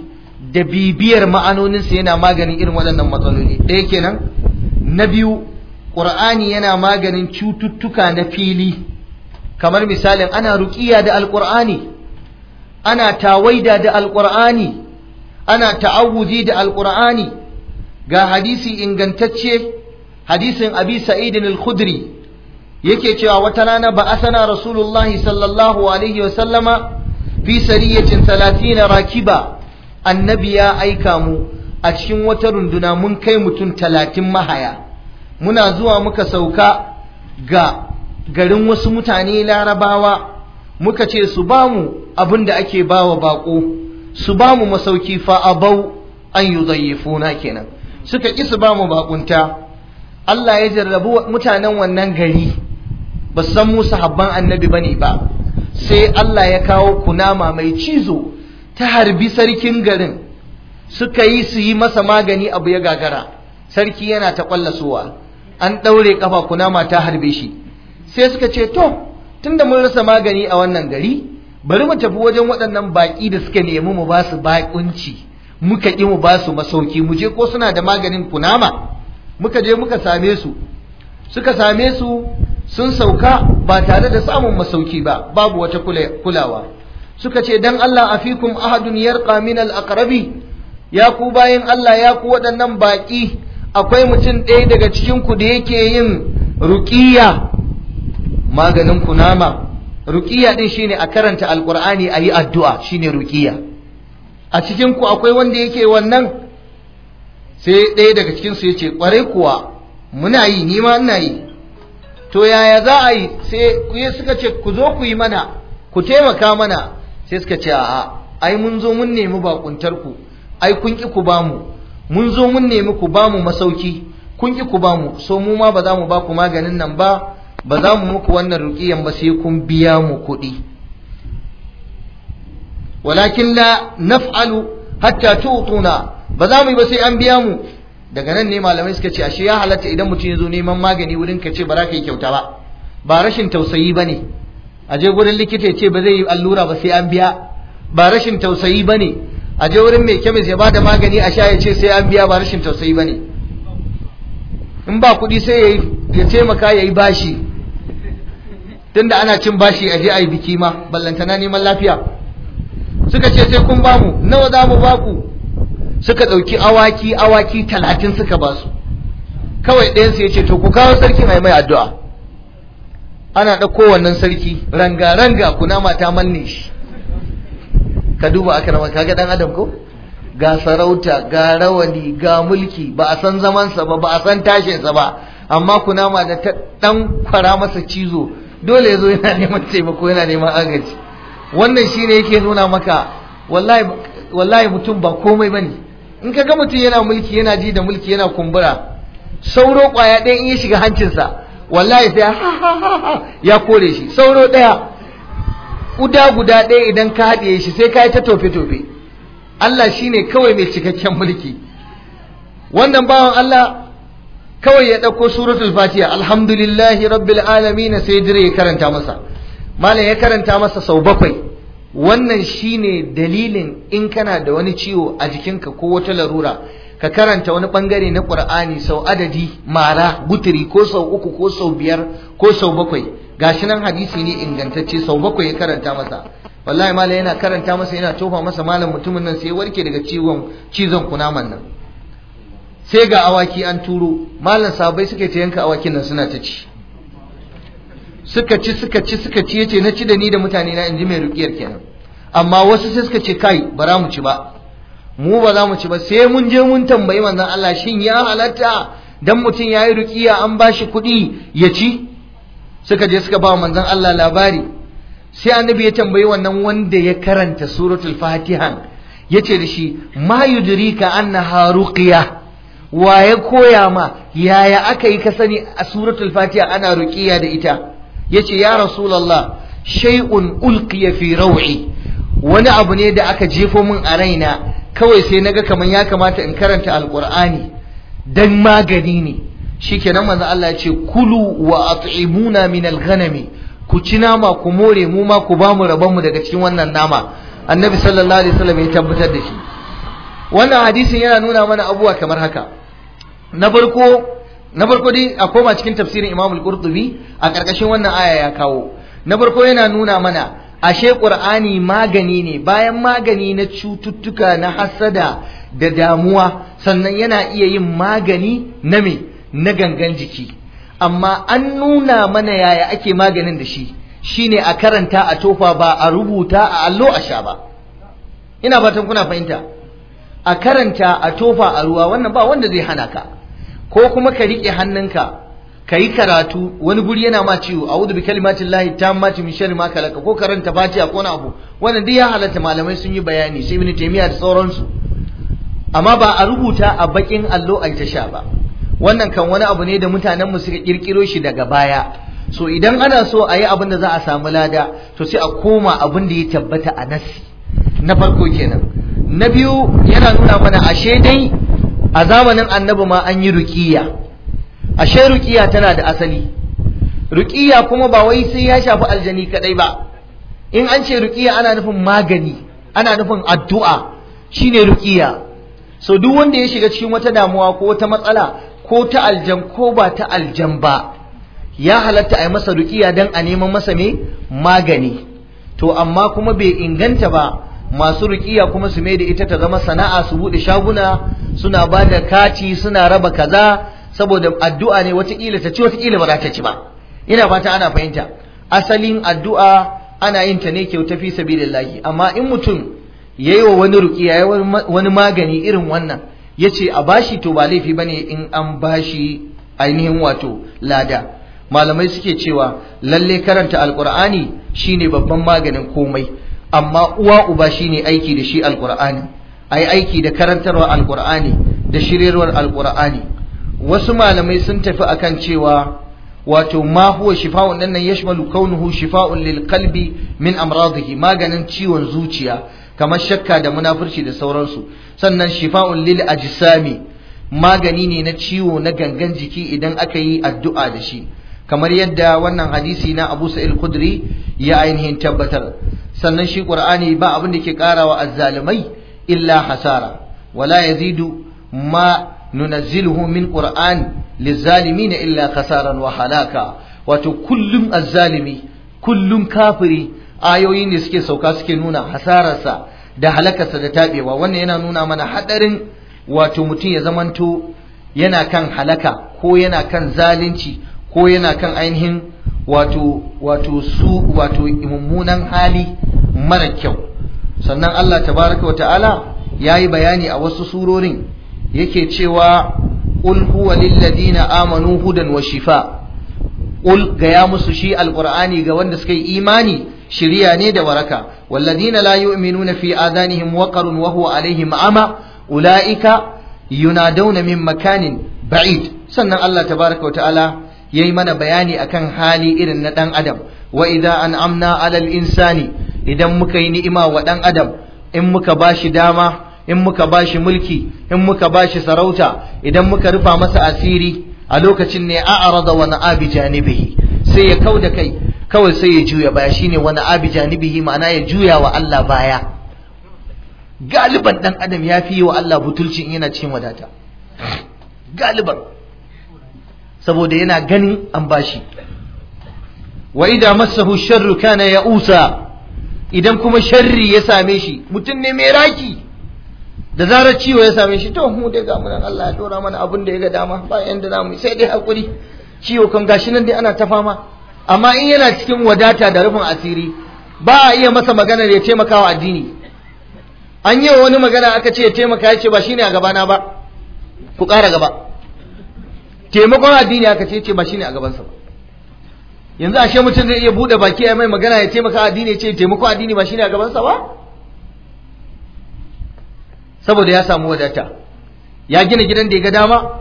da bibiyar ma'anoninsa yana maganin irin waɗannan matsaloli ɗaya kenan na biyu ƙur'ani yana maganin cututtuka na fili kamar misalin ana ruƙiya da Alƙur'ani, ana tawaida da Alƙur'ani, ana ta'awuzi da Alƙur'ani ga hadisi ingantacce hadisin abi sa'id al-khudri yake cewa wata rana ba asana rasulullahi sallallahu alaihi wa sallama fi sariyatin 30 rakiba annabi ya aika mu a cikin wata runduna mun kai mutum talatin mahaya muna zuwa muka sauka ga garin wasu mutane larabawa muka ce su ba mu abin da ake ba wa baƙo su ba mu masauki fa abau an yi zayyafuna kenan suka ƙi su ba mu baƙunta Allah ya jarrabu mutanen wannan gari ba san musu habban annabi ba ne ba sai Allah ya kawo kunama mai cizo ta harbi sarkin garin suka yi su yi masa magani abu ya gagara sarki yana ta ƙwallasowa an ɗaure ƙafa kunama ta harbe shi sai suka ce to tunda mun rasa magani a wannan gari bari mu tafi wajen waɗannan baƙi da suka nemi mu ba su baƙunci muka ƙi mu ba su masauki mu je ko suna da maganin kunama muka je muka same su suka same su sun sauka ba tare da samun masauki ba babu wata kulawa suka ce dan Allah afikum ahadun yarqa min al-aqrabi ya ku bayin Allah ya ku waɗannan baƙi akwai mutum ɗaya daga cikin ku da yake yin ruqiya maganin kunama ruqiya din shine a karanta alqur'ani ayi addu'a shine ruqiya a cikin ku akwai wanda yake wannan sai ɗaya daga cikin su yace kwarai kuwa muna yi ni ma ina yi to yaya za a yi sai suka ce ku zo ku yi mana ku taimaka mana sai suka ce a'a ai mun zo mun nemi bakuntar ku ai kun ki ku bamu mun zo mun nemi ku bamu masauki kun ki ku bamu so mu ma ba za mu ba ku maganin nan ba ba za mu muku wannan rukiyan ba sai kun biya mu kuɗi walakin la naf'alu hatta tu'tuna ba za mu yi ba sai an biya mu daga nan ne malamai suka ce ashe ya halatta idan mutum ya zo neman magani wurin ka ce ba za ka yi kyauta ba ba rashin tausayi ba ne a je gurin likita ya ce ba zai yi allura ba sai an biya ba rashin tausayi ba ne a je wurin mai kemis ya ba da magani a sha ya ce sai an biya ba rashin tausayi ba ne in ba kuɗi sai ya taimaka ya yi bashi tunda ana cin bashi a je a yi biki ma ballantana neman lafiya suka ce sai kun bamu nawa za mu baku suka ɗauki awaki awaki talatin suka ba su kawai ɗayansu ya ce to ku kawo sarki mai mai addu'a ana ɗauko wannan sarki ranga-ranga kuna mata manne shi ka duba aka rama kaga ɗan adam ko ga sarauta ga rawani ga mulki ba a san zamansa ba ba a san tashinsa ba amma kunama da ta ɗan kwara masa cizo dole ya zo yana neman taimako yana neman agaji wannan shi ne yake nuna maka wallahi mutum ba komai ba ne in ka ga mutum yana mulki yana ji da mulki yana kumbura sauro ƙwaya ɗaya in ya shiga hancinsa wallahi sai ya kore shi sauro ɗaya ƙuda guda ɗaya idan ka haɗiye shi sai ka yi ta tofe-tofe Allah shi ne kawai mai cikakken mulki wannan bawan Allah kawai ya ɗauko suratul fatiha alhamdulillahi rabbil alamin sai dire ya karanta masa malam ya karanta masa sau bakwai wannan shine dalilin in kana da wani ciwo a jikinka ko wata larura ka karanta wani bangare na qur'ani sau adadi mara guturi ko sau uku ko sau biyar ko sau bakwai gashi nan hadisi ne ingantacce sau bakwai ya karanta masa wallahi malam yana karanta masa yana tofa masa malam mutumin nan sai warke daga ciwon cizon kunaman nan sai ga awaki an turo malam sabai suka ta yanka awakin nan suna ta ci suka ci suka ci suka ci yace na ci da ni da mutane na inji mai rukiyar kenan amma wasu sai suka ce kai bara mu ci ba mu ba za mu ci ba sai mun je mun tambayi manzon Allah shin ya halatta dan mutum yayi rukiya an bashi kuɗi ya ci suka je suka ba manzon Allah labari sai annabi ya tambayi wannan wanda ya karanta suratul fatiha yace da shi ma yudrika annaha ruqiya wa ya koya ma yaya aka yi ka sani a suratul fatiha ana ruqiya da ita yace ya rasulullah shay'un ulqiya fi raw'i wani abu ne da aka jefo min a raina kawai sai naga kaman ya kamata in karanta alqur'ani dan magani ne shikenan manzo Allah yace ce kulu wa at'imuna min al ku ci nama ku more mu ma ku bamu rabon mu daga cikin wannan nama annabi sallallahu alaihi wasallam ya tabbatar da shi wannan hadisin yana nuna mana abubuwa kamar haka na farko na farko dai a koma cikin tafsirin Imam al-Qurtubi a karkashin wannan aya ya kawo na farko yana nuna mana ashe Qur'ani magani ne bayan magani na cututtuka na hasada da damuwa sannan yana iya yin magani na me na gangan jiki amma an nuna mana yaya ake maganin da shi shine a karanta a tofa ba a rubuta a allo a sha ba ina fatan kuna fahimta a karanta a tofa a ruwa wannan ba wanda zai hana ka ko kuma ka riƙe hannunka ka yi karatu wani guri yana ma ciwo a wudu bi kalimatin lahi ta mace min shari ma kalaka ko karanta fatiha a kona abu wannan duk ya halatta malamai sun yi bayani sai ibn taymiya da sauransu amma ba a rubuta a bakin allo a ta sha ba wannan kan wani abu ne da mutanen mu suka kirkiro shi daga baya so idan ana so a yi abin da za a samu lada to sai a koma abin da ya tabbata a nasi na farko kenan na biyu yana nuna mana ashe dai a zamanin annabi ma an yi ashe ruƙiya tana da asali Rukiya kuma ba wai sai ya shafi aljani kadai ba in an ce rukiya ana nufin magani ana nufin addu'a shine ruƙiya so duk wanda ya shiga cikin wata damuwa ko wata matsala ko ta aljan ko ba ta aljan ba ya halatta a yi masa rukiya dan a neman masa me magani to amma kuma bai inganta ba masu rukiya kuma su mai da ita ta zama sana'a su buɗe shaguna suna ba da kaci suna raba kaza saboda addu'a ne watakila ta ci wataƙila ba za ta ci ba ina fata ana fahimta asalin addu'a ana yin ta ne kyauta fi sabilillahi amma in mutum yayi wa wani rukiya yayi wani magani irin wannan ya ce a bashi to ba laifi bane in an bashi ainihin wato lada malamai suke cewa lalle karanta alqur'ani shine babban maganin komai amma uwa uba shine aiki da shi alqur'ani ai aiki da karantarwa alqur'ani da shirirwar alqur'ani wasu malamai sun tafi akan cewa wato ma huwa shifa'un nan yashmalu kaunuhu shifa'un lil qalbi min amradihi maganin ciwon zuciya kamar shakka da munafurci da sauransu sannan shifa'un lil ajsami magani ne na ciwo na gangan jiki idan aka yi addu'a da shi kamar yadda wannan hadisi na Abu Sa'id Khudri ya ainihin tabbatar sannan shi qur'ani ba abin da ke karawa azzalimai illa hasara wala yazidu ma nunazziluhu min qur'an na illa khasaran wa halaka wato kullum azzalimi kullum kafiri ayoyin da suke sauka suke nuna hasararsa da halakarsa da tabewa wannan yana nuna mana hadarin wato mutum ya zamanto yana kan halaka ko yana kan zalunci ko yana kan ainihin wato wato su wato mummunan hali mara kyau sannan Allah tabaraka wata'ala yayi bayani a wasu surorin yake cewa qul huwa lilladina amanu hudan wa shifa qul ga ya musu shi alqur'ani ga wanda suka yi imani shiriya ne da waraka walladina la yu'minuna fi adanihim waqarun wa huwa alaihim ama ulaika yunadawna min makanin ba'id sannan Allah tabaraka wata'ala yayi mana bayani akan hali irin na dan adam wa idza an'amna 'alal insani idan muka yi ni'ima wa ɗan adam in muka ba shi dama in muka ba shi mulki in muka ba shi sarauta idan muka rufa masa asiri a lokacin ne a arada wa na'abi janibihi sai ya kau da kai kawai sai ya juya baya shine wa na'abi janibihi ma'ana ya juya wa Allah baya galiban ɗan adam ya fi wa Allah butulci in yana cikin wadata galiban saboda yana ganin an bashi wa idza massahu sharru kana usa. idan kuma sharri ya same shi mutum ne mai raki da zarar ciwo ya same shi to mu dai ga mu Allah ya dora mana abin da ya ga dama ba yanda zamu sai dai hakuri ciwo kan gashi nan dai ana ta fama amma in yana cikin wadata da rufin asiri ba a iya masa magana ya taimaka wa addini an yi wani magana aka ce ya taimaka ya ce ba shine a gabana ba ku ƙara gaba taimakon addini aka ce ce ba shine a gabansa ba yanzu ashe mutum zai iya buɗe baki a mai magana ya taimaka addini ya ce taimako addini ba shine a gaban sa ba saboda ya samu wadata ya gina gidan da ya ga dama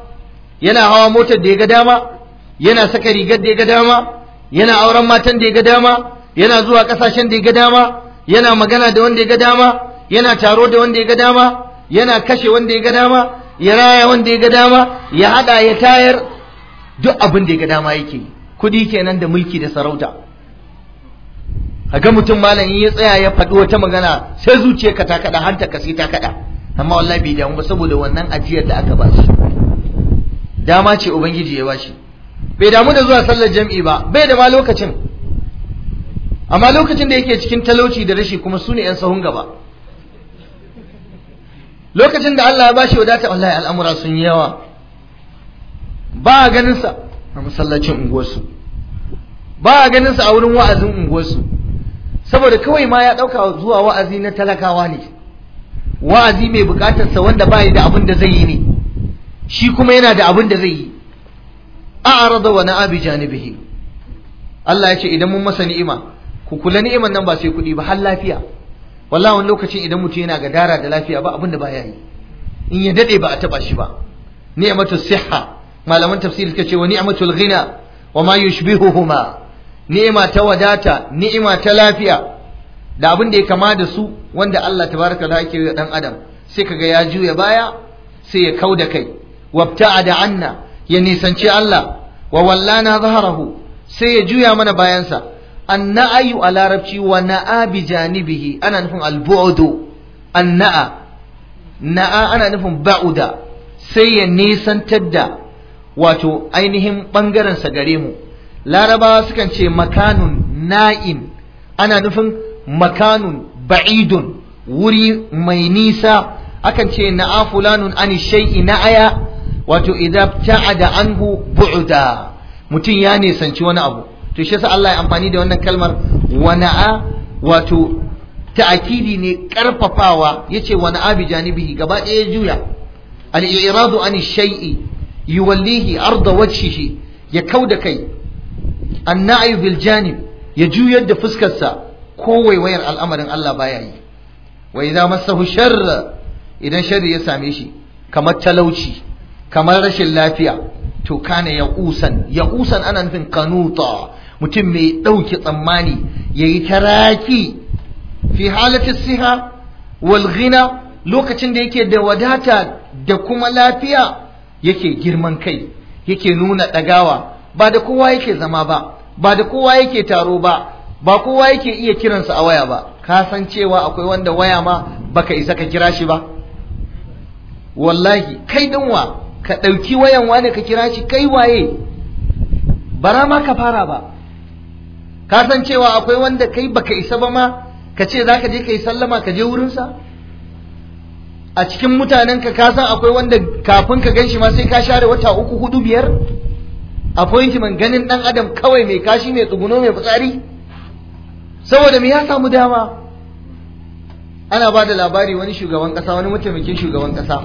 yana hawa motar da ya ga dama yana saka rigar da ya ga dama yana auren matan da ya ga dama yana zuwa kasashen da ya ga dama yana magana da wanda ya ga dama yana taro da wanda ya ga dama yana kashe wanda ya ga dama ya raya wanda ya ga dama ya haɗa ya tayar duk abin da ya ga dama yake yi kudi kenan da mulki da sarauta ga mutum malam in ya tsaya ya faɗi wata magana sai zuciya ka ta kaɗa hanta ka sai ta kaɗa amma wallahi bai damu ba saboda wannan ajiyar da aka ba shi dama ce ubangiji ya bashi bai damu da zuwa sallar jam'i ba bai da ma lokacin amma lokacin da yake cikin talauci da rashi kuma su ne 'yan sahun gaba lokacin da Allah ya bashi wadata wallahi al'amura sun yi yawa ba a ganinsa a masallacin unguwarsu ba a ganin sa a wurin wa'azin unguwarsu saboda kawai ma ya ɗauka zuwa wa'azi na talakawa ne wa'azi mai bukatarsa wanda ba da abin da zai yi ne shi kuma yana da abin da zai yi a'rada wa na'abi janibihi Allah ya ce idan mun masa ni'ima ku kula ni'iman nan ba sai kuɗi ba har lafiya wallahi wani lokacin idan mutum yana ga gadara da lafiya ba abin da baya yi in ya dade ba a taba shi ba ni'matu sihha malaman tafsir suka ce wa ni'matul ghina wa ma yushbihuhuma ni'ima ta wadata ni'ima ta lafiya da abin da ya kama da su wanda Allah tabaraka da yake yi dan adam sai kaga ya juya baya sai ya kauda kai wabta'ada anna ya nisanci Allah wa wallana zaharahu sai ya juya mana bayansa anna'ayu a larabci wa na'a bi janibihi ana nufin albu'du anna'a na'a ana nufin ba'uda sai ya nisantar da wato ainihin ɓangaren sa gare mu larabawa sukan ce makanun na'in ana nufin makanun ba'idun wuri mai nisa akan ce na'a fulanun ani na aya. wato idza ta'ada anhu bu'da mutum ya nisanci wani abu to shi yasa Allah ya amfani da wannan kalmar wana'a wato ta'akidi ne karfafawa yace wana'a bi janibihi gaba ɗaya juya al-i'radu ani shay'i Yi yuwallihi arda wajhihi ya kauda kai anna'yu bil janib ya juyar da fuskarsa ko waiwayar al'amarin Allah baya yi wa idza massahu sharr idan sharri ya same shi kamar talauci kamar rashin lafiya to kana ya usan ya usan ana nufin kanuta mutum mai ɗauke tsammani yayi taraki fi halati siha wal lokacin da yake da wadata da kuma lafiya yake girman kai yake nuna ɗagawa ba da kowa yake zama ba ba da kowa yake taro ba ba kowa yake iya kiransa a waya ba ka san cewa akwai wanda waya ma baka isa ka kira shi ba wallahi kai dinwa ka ɗauki wayan wane ka kira shi kai waye bara ma ka fara ba ka san cewa akwai wanda kai baka isa ba ma ka ce za ka je ka sallama ka je wurinsa a cikin mutanenka ka san akwai wanda kafin ka gan shi ma sai ka share wata uku hudu biyar appointment ganin dan adam kawai mai kashi mai tsuguno mai fitsari saboda me ya samu dama ana ba da labari wani shugaban kasa wani mataimakin shugaban kasa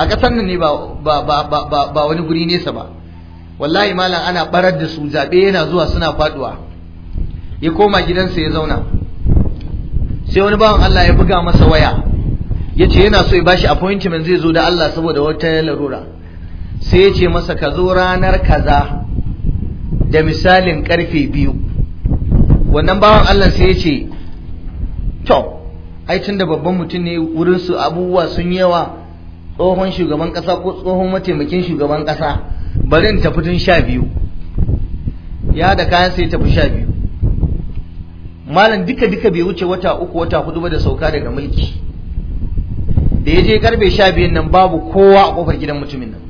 a kasan nan ne ba ba ba ba wani guri nesa ba wallahi malam ana barar da su zabe yana zuwa suna faduwa ya koma gidansa ya zauna sai wani bawan Allah ya buga masa waya yace yana so ya bashi appointment zai zo da Allah saboda wata larura sai yace masa ka zo ranar kaza da misalin karfe biyu wannan bawan Allah sai yace to ai tun da babban mutum ne wurin su abubuwa sun yawa tsohon shugaban kasa ko tsohon mataimakin shugaban kasa bari in tafi tun sha biyu ya da kayan sai tafi sha biyu malam duka duka bai wuce wata uku wata hudu ba da sauka daga mulki da ya je karfe sha biyun nan babu kowa a kofar gidan mutumin nan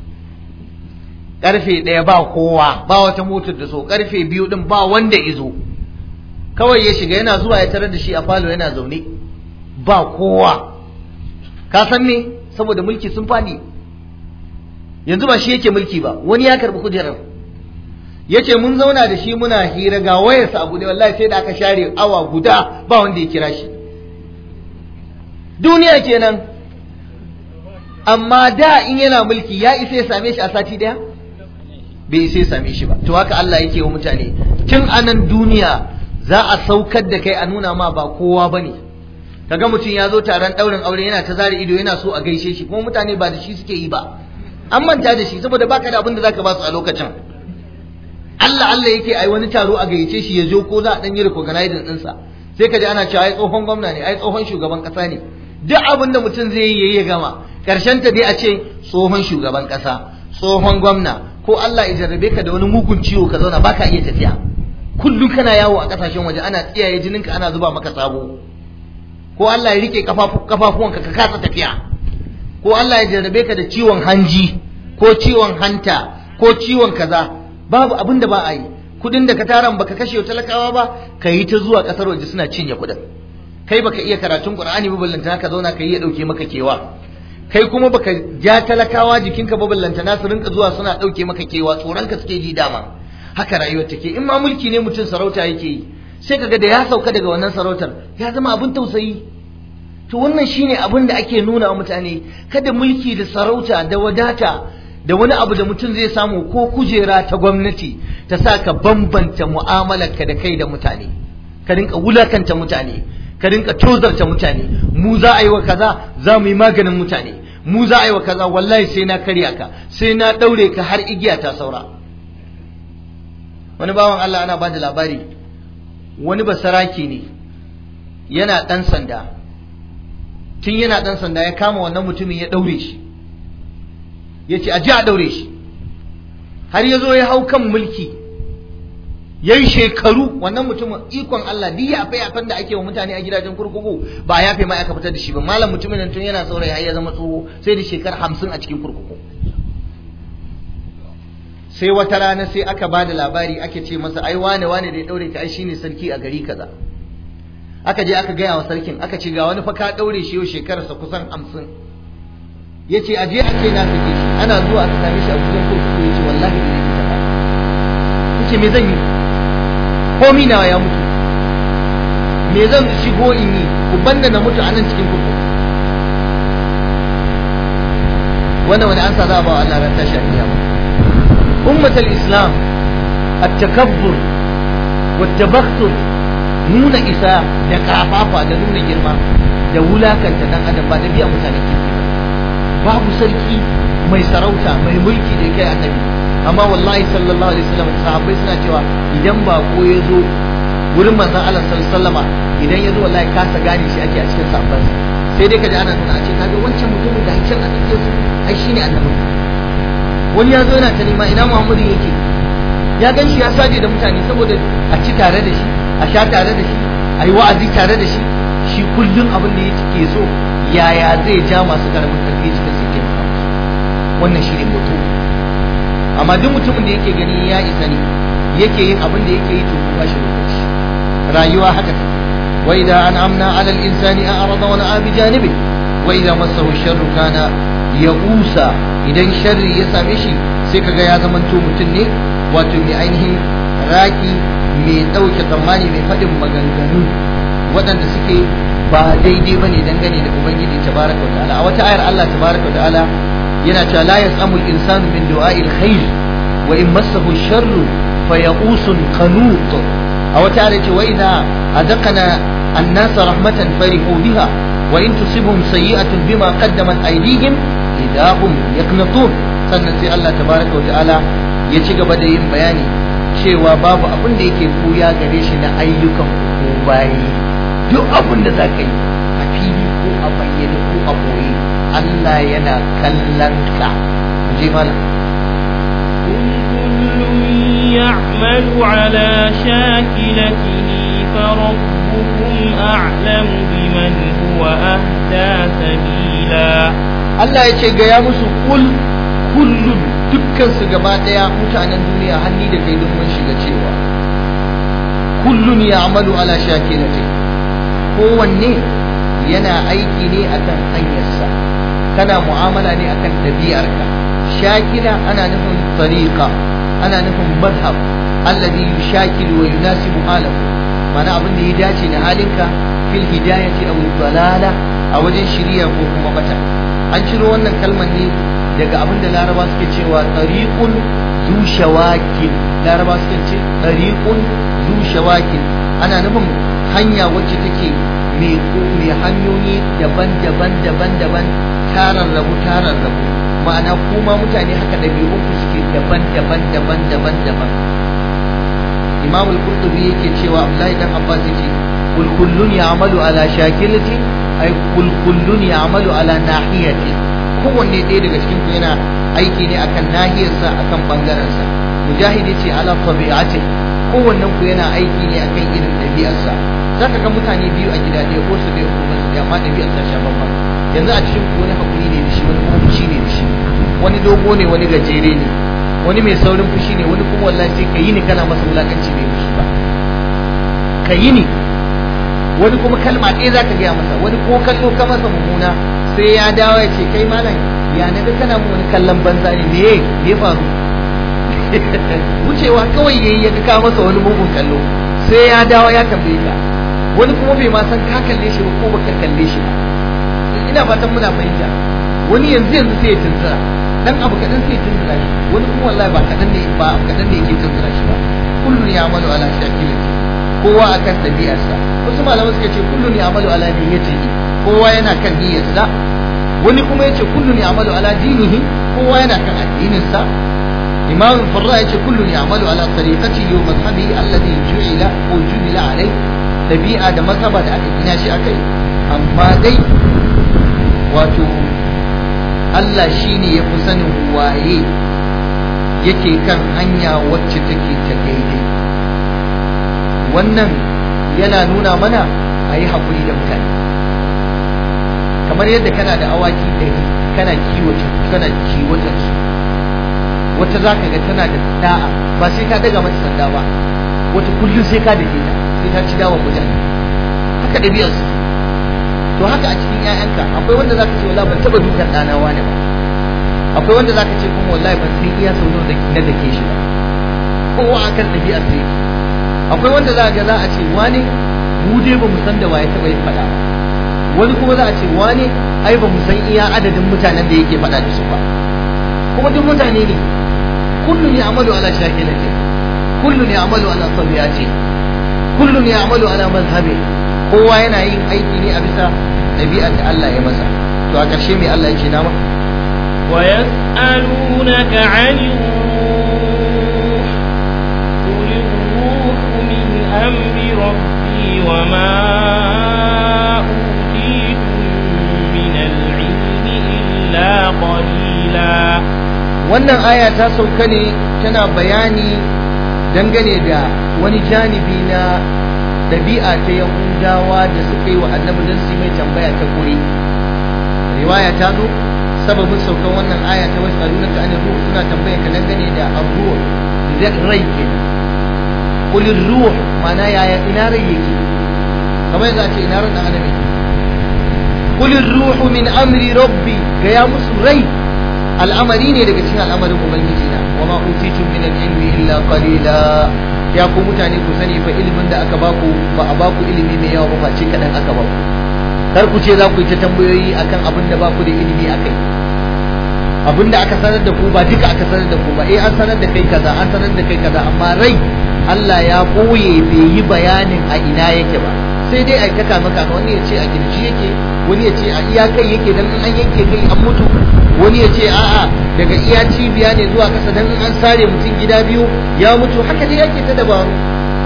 karfe ɗaya ba kowa ba wata motar da so karfe biyu din ba wanda izo kawai ya shiga yana zuwa ya tarar da shi a falo yana zaune ba kowa ka san me saboda mulki sun fadi yanzu ba shi yake mulki ba wani ya karbi kujerar yace mun zauna da shi muna hira ga wayarsa abu ne wallahi sai da aka share awa guda ba wanda ya kira shi duniya kenan amma da in yana mulki ya isa ya same shi a sati daya bai isa ya same shi ba to haka Allah yake wa mutane tun anan duniya za a saukar da kai a nuna ma ba kowa bane kaga mutum ya zo taron ɗaurin aure yana ta zare ido yana so a gaishe shi kuma mutane ba da shi suke yi ba an manta da shi saboda baka da abin da zaka ba su a lokacin Allah Allah yake ai wani taro a gayyace shi ya zo ko za a dan yi recognizing ɗinsa sai ka ji ana cewa ai tsohon gwamna ne ai tsohon shugaban ƙasa ne duk abin da mutum zai yi ya gama ƙarshen ta dai a ce tsohon shugaban ƙasa tsohon gwamna ko Allah ya jarrabe ka da wani mugun ciwo ka zauna baka iya tafiya kullum kana yawo a ƙasashen waje ana tsiyaye jininka ana zuba maka sabo ko Allah ya rike kafafuwanka ka kasa tafiya ko Allah ya jarrabe ka da ciwon hanji ko ciwon hanta ko ciwon kaza babu abin da ba a yi kudin da ka tara baka kashe wa talakawa ba ka yi ta zuwa ƙasar waje suna cinye kudin kai baka iya karatun Qur'ani ba ballanta ka zauna ka yi ya dauke maka kewa kai kuma baka ja talakawa jikinka ba ballanta su rinka zuwa suna ɗauke maka kewa tsoron ka suke ji dama haka rayuwar take in ma mulki ne mutum sarauta yake yi sai kaga da ya sauka daga wannan sarautar ya zama abin tausayi to wannan shine abin da ake nuna wa mutane kada mulki da sarauta da wadata da wani abu da mutum zai samu ko kujera ta gwamnati ta sa ka bambanta ka da kai da mutane ka rinka wulakanta mutane ka rinka tozarta mutane mu za a yi wa kaza za mu yi maganin mutane mu za a yi wa kaza wallahi sai na karya ka sai na daure ka har igiya ta saura wani bawan Allah ana ba da labari wani basaraki ne yana dan sanda tun yana dan sanda ya kama wannan mutumin ya daure shi ya ce a ji a daure shi har ya zo ya hau kan mulki Yan shekaru wannan mutumin ikon Allah duk ya fa yafan da ake wa mutane a gidajen kurkuku ba ya fi ma aka fitar da shi ba malam mutumin nan tun yana saurayi har ya zama tsoho sai da shekar hamsin a cikin kurkuku sai wata rana sai aka ba da labari ake ce masa ai wane wane da ya daure ka ai shine sarki a gari kaza aka je aka gaya wa sarkin aka ce ga wani fa ka daure shi yau shekararsa kusan hamsin ya ce aje a ce na sake shi ana zuwa aka same shi a kusan kurkuku ya ce wallahi da zai fita ba ya ce me zan yi komi nawa ya mutu me zan shigo in yi ku banda na mutu anan cikin kuku wannan wani ansa za a ba Allah ran tashi a kiyama ummatul islam at-takabbur wat-tabakhtur nuna isa da kafafa da nuna girma da wulakanta dan adam ba da biya mutane kirki babu sarki mai sarauta mai mulki da kai annabi amma wallahi sallallahu alaihi wasallam sahabbai suna cewa idan bako ya zo wurin manzo Allah sallallahu alaihi idan ya zo wallahi kasa gane shi ake a cikin sahabban sai dai ji ana tana ce kaga wancan mutumin da hancin a cikin su ai shine annabi wani ya zo yana ta nema ina Muhammadu yake ya gan shi ya saje da mutane saboda a ci tare da shi a sha tare da shi a yi wa'azi tare da shi shi kullum abin da yake so yaya zai ja masu karamin karfi cikin su ke wannan shi ne mutum amma duk mutumin da yake gani ya isa ne yake yin abin da yake yi to ba shi lokaci rayuwa haka ta wa an an'amna 'ala al-insani a'rada wa na'a bi janibi wa idan masahu sharru kana ya'usa idan sharri ya same shi sai kaga ya zamanto mutum ne wato mai ainihin raki mai dauke tsammani mai faɗin maganganu waɗanda suke ba daidai bane dangane da ubangiji tabaraka wa ta'ala a wata ayar Allah tabaraka wa ta'ala yana cewa la yasamu al-insanu min du'a'il khair wa in massahu sharru fayaqusun qanut a wata da ce wa idza adaqana an-nasa rahmatan farihu biha wa in tusibhum sayi'atun bima qaddamat aydihim idahum yaqnatun sannan sai Allah tabaraka wa ta'ala ya ci gaba da yin bayani cewa babu abin da yake koya gare shi na ayyukan ko bayi duk abin da za ka yi a fili ko a bayyane ko a koyi. Allah yana kallon ka ji mana kullum ya'malu ala shakilatihi farabbukum a'lamu biman huwa ahda sabila Allah ya ce gaya musu kul kullum dukkan su gaba daya mutanen duniya hanni da kai duk mun shiga cewa kullun ya'malu ala shakilatihi kowanne yana aiki ne akan hanyarsa kana mu'amala ne akan ɗabi'arka shakila ana nufin tariqa ana nufin madhab alladhi yushakilu wa yunasibu halahu mana abin da ya dace da halinka fil hidayati aw dalala a wajen shiriya ko kuma bata an ciro wannan kalmar ne daga abin da laraba suke cewa tariqul zu shawakil laraba suke ce tariqul zu shawakil ana nufin hanya wacce take mai hanyoyi daban-daban daban-daban tarar rabu tarar rabu ma'ana kuma mutane haka ku suke daban-daban daban-daban daban imam al-qurtubi yake cewa abdullahi dan abbas yake kul kullun ya'malu ala shakilati ay kul kullun ya'malu ala nahiyati kowanne ɗaya daga cikin ku yana aiki ne akan nahiyarsa akan bangaren sa mujahid yace ala tabi'ati kowannen ku yana aiki ne akan irin ɗabi'arsa za ka ga mutane biyu a gida ɗaya ko su ɗaya ko su ɗaya amma ɗabi'arsa sha bambam yanzu a cikin ku wani hakuri ne da shi wani kuma fushi ne da shi wani dogo ne wani gajere ne wani mai saurin fushi ne wani kuma wallahi sai ka yi ni kana masa wulakanci bai mishi ba ka yi ni wani kuma kalma ɗaya za ka gaya masa wani ko kallo ka masa mummuna sai ya dawo ya ce kai malam ya naga kana mu wani kallon banza ne me ya faru wucewa kawai yayi ya kaka masa wani mugun kallo sai ya dawo ya tambaye ka wani kuma bai ma san ka kalle shi ba ko baka kalle shi ba ina fatan muna fahimta wani yanzu yanzu sai ya tuntura dan abu kadan sai ya tuntura shi wani kuma wallahi ba kadan ne ba kadan ne yake tuntura shi ba kullun ya amalu ala shakilati kowa akan dabi'arsa wasu malamai suka ce kullun ya amalu ala niyyatihi kowa yana kan niyyarsa wani kuma yace kullun ya amalu ala dinihi kowa yana kan addininsa imam farra yace kullun ya'malu ala tariqati wa madhhabi alladhi ju'ila ko ju'ila alai tabi'a da mazhaba da aka ina shi akai amma dai wato Allah shine ya fi sanin waye yake kan hanya wacce take ta daidai wannan yana nuna mana a yi haƙuri da mutane kamar yadda kana da awaki ɗari kana kiwata kana kiwata wata za ka ga tana da da'a ba sai ka daga mata sanda ba wata kullum sai ka dake ta sai ta ci dawa mutane haka da biyar su to haka a cikin 'ya'yanka akwai wanda za ka ce wala ban taɓa dukan ɗana wani ba akwai wanda za ka ce kuma wallahi ban san iya sau nawa na dake shi ba kowa akan ɗabi'ar sa yake akwai wanda za ga za a ce wani mu dai ba mu san da waye taɓa yin faɗa ba wani kuma za a ce wani ai ba mu san iya adadin mutanen da yake faɗa da su ba kuma duk mutane ne kullun ya'malu ala shakilati kullun ya'malu ala tabi'ati kullun ya'malu ala mazhabi kowa yana yin aiki ne a bisa ɗabi'ar da Allah ya masa to a ƙarshe mai Allah ya ce nama wa yas'alunaka 'anil ruh qul rabbi wa ma utitum illa wannan aya ta sauka ne tana bayani dangane da wani janibi na ɗabi'a ta yahudawa da suka yi wa annabi don su mai tambaya ta kuri riwaya ta zo sababin saukan wannan aya ta wasu aluna ka ana ruhu suna tambayar ka dangane da abuwa rai ke kulin ruwa mana yaya ina rai yake kamar yanzu a ce ina ran da annabi kulin ruwa min amri rabbi ga ya musu rai al'amari ne daga cikin al'amarin ubangiji na wa ma utitum min al-ilmi illa qalila ya ku mutane ku sani fa ilimin da aka baku ba a baku ilimi mai yawa ba face kadan aka baku kar ku ce za ku yi ta tambayoyi akan abin da baku da ilimi akai abin da aka sanar da ku ba duka aka sanar da ku ba eh an sanar da kai kaza an sanar da kai kaza amma rai Allah ya koye bai yi bayanin a ina yake ba sai dai aikata maka kama wani ya ce a kirji yake wani ya ce a iya kai yake dan in an yanke kai an mutu wani ya ce a'a daga iya cibiya ne zuwa kasa dan in an sare mutum gida biyu ya mutu haka dai yake ta dabaru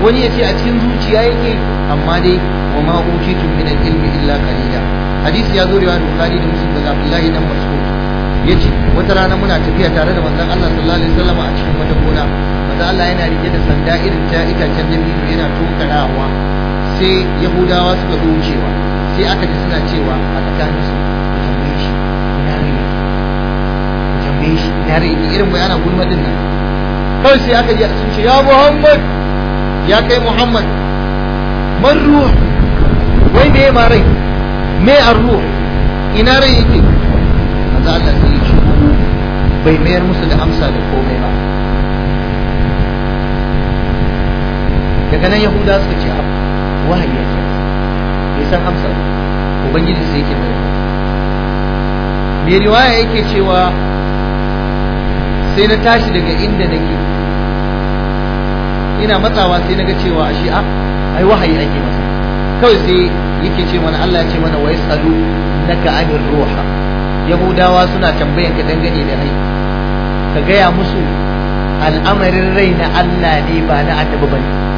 wani ya ce a cikin zuciya yake amma dai wa ma utitu min al-ilmi illa qalila hadisi ya zo riwayat bukhari da muslim daga abdullahi dan mas'ud yace wata rana muna tafiya tare da manzon Allah sallallahu alaihi wasallam a cikin wata gona manzon Allah yana rike da sanda irin ta itacen dabino yana tokarawa sai yahudawa suka zo wucewa sai aka ji suna cewa a tsakanin su ku tambaye shi ina rai ku tambaye shi ina rai irin bai ana gulma din nan kawai sai aka ji sun ce ya muhammad ya kai muhammad man ruwa wai me ma rai me ar ruwa ina rai yake maza Allah sai ya ce bai mayar musu da amsa da komai ba daga nan yahudawa suka ce wahayi yake bai san amsa ubangiji sai yake mai mai riwaya yake cewa sai na tashi daga inda nake ina matsawa sai naga cewa a shi a ah, ai wahayi ake masa kawai sai yake ce mana Allah ya ce mana wa na naka anir ruha yahudawa suna tambayan ka dangane da rai ka gaya musu al'amarin rai na Allah ne ba na annabi bane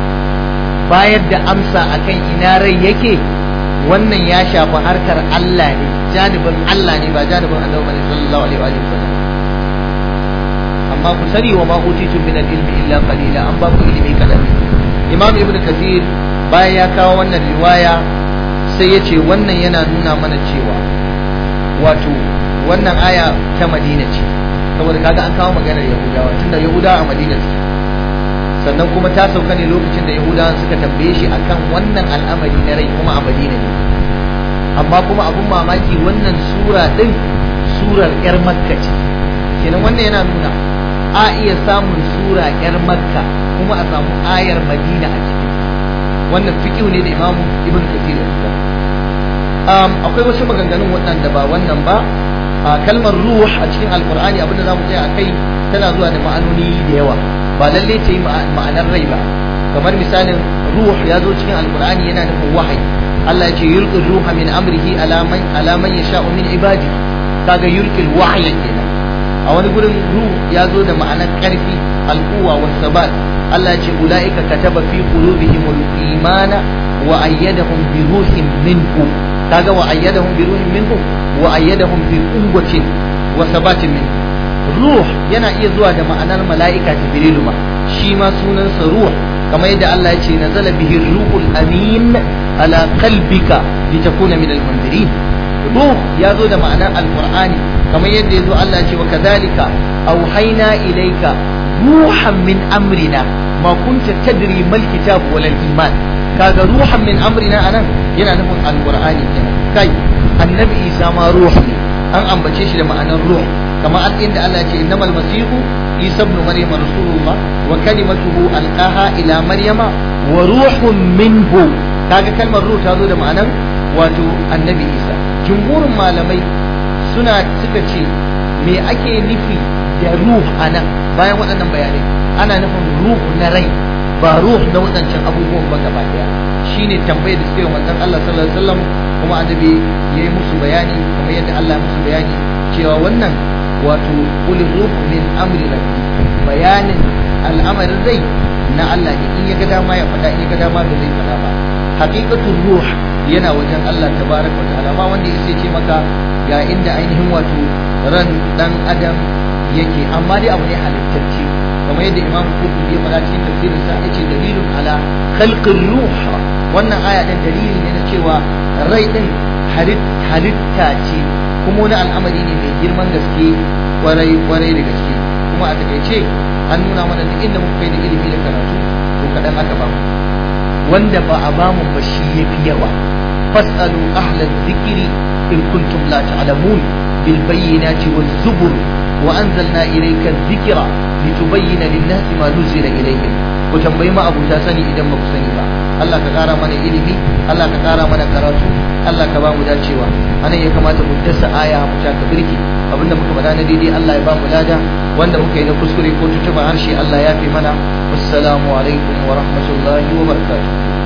bayar da amsa akan ina rai yake wannan ya shafi harkar Allah ne janibin Allah ne ba janibin Allah bane sallallahu alaihi wa sallam amma ku sani wa ma utitum min al-ilmi illa qalila an ba ku ilimi kadan Imam Ibn Kathir bayan ya kawo wannan riwaya sai ya ce wannan yana nuna mana cewa wato wannan aya ta Madina ce saboda kaga an kawo maganar Yahudawa tunda Yahudawa a Madina suke sannan kuma ta sauka ne lokacin da yahudawan suka tambaye shi akan wannan al'amari na rai kuma a madina ne amma kuma abun mamaki wannan sura din surar yar makka ce kenan wannan yana nuna a iya samun sura yar makka kuma a samu ayar madina a ciki wannan fikihu ne da imam ibn kathir ya fitar akwai wasu maganganun waɗanda ba wannan ba kalmar ruh a cikin alkur'ani abinda za mu tsaya a kai tana zuwa da ma'anoni da yawa ba lalle ta yi ma'anar rai ba kamar misalin ruh ya zo cikin alkur'ani yana nufin wahayi Allah ce yulqi ruha min amrihi ala man ala man yasha'u min ibadi kaga yulqi wahya kenan a wani gurin ruh ya zo da ma'anar karfi alquwa was sabat Allah ce ulaika kataba fi qulubihimul imana wa ayyadahum bi ruhin minhu kaga wa ayyadahum bi ruhin minhu wa ayyadahum bi quwwatin wa sabatin minhu ruh yana iya zuwa da ma'anar mala'ika jibrilu ma shi ma sunansa ruh kamar yadda Allah ya ce nazala bihi ruhul amin ala qalbika litakuna min al-mundirin ruh ya zo da ma'anar alqur'ani kamar yadda ya zo Allah ya ce wa kadhalika auhayna ilayka ruhan min amrina ma kunta tadri mal kitab wal iman kaga ruhan min amrina anan yana nufin alqur'ani kenan kai annabi isa ma ruh an ambace shi da ma'anar ruh kamar inda Allah ce innamal masihu isa ibn maryam rasulullah wa kalimatuhu alqaha ila maryama wa ruhun minhu kaga kalmar ruh ta zo da ma'anar wato annabi isa jumhurin malamai suna suka ce me ake nufi da ruh anan bayan waɗannan bayanai ana nufin ruh na rai ba ruh na waɗancan abubuwan ba gaba ɗaya shine tambayar da suka yi wa Allah sallallahu alaihi wasallam kuma annabi ya yi musu bayani kamar yadda Allah ya musu bayani cewa wannan wato kuli ruhu min amri rabbi bayanin al'amarin rai na Allah ne in ya ga dama ya faɗa in ya ga dama da zai faɗa ba haqiqatul ruh yana wajen Allah tabaraka wa ta'ala ba wanda ya ce maka ga inda ainihin wato ran dan adam yake amma dai abu ne halittacce kamar yadda imam kurtubi ya faɗa cikin tafsirin sa yace dalilun ala khalqir ruh wannan aya din dalili ne na cewa rai ɗin halitta ce kuma wani al'amari ne mai girman gaske kwarai kwarai da gaske kuma a takaice an nuna mana duk inda muka kai da ilimi da karatu to kaɗan aka ba mu wanda ba a bamu ba shi ya fi yawa fasalu ahlan zikiri in kuntum la ta'lamun bil bayyinati wal zubur wa anzalna ilayka dhikra litubayyana lin-nasi ma nuzila ilayhim ku tambayi ma abuta sani idan ba ku sani ba Allah ka ƙara mana ilimi Allah ka ƙara mana karatu Allah ka ba mu dacewa anan ya kamata mu dasa aya mu ka birki abinda muka faɗa na daidai Allah ya ba mu lada wanda muka yi na kuskure ko tutuba harshe Allah ya fi mana assalamu alaikum wa rahmatullahi wa barakatuh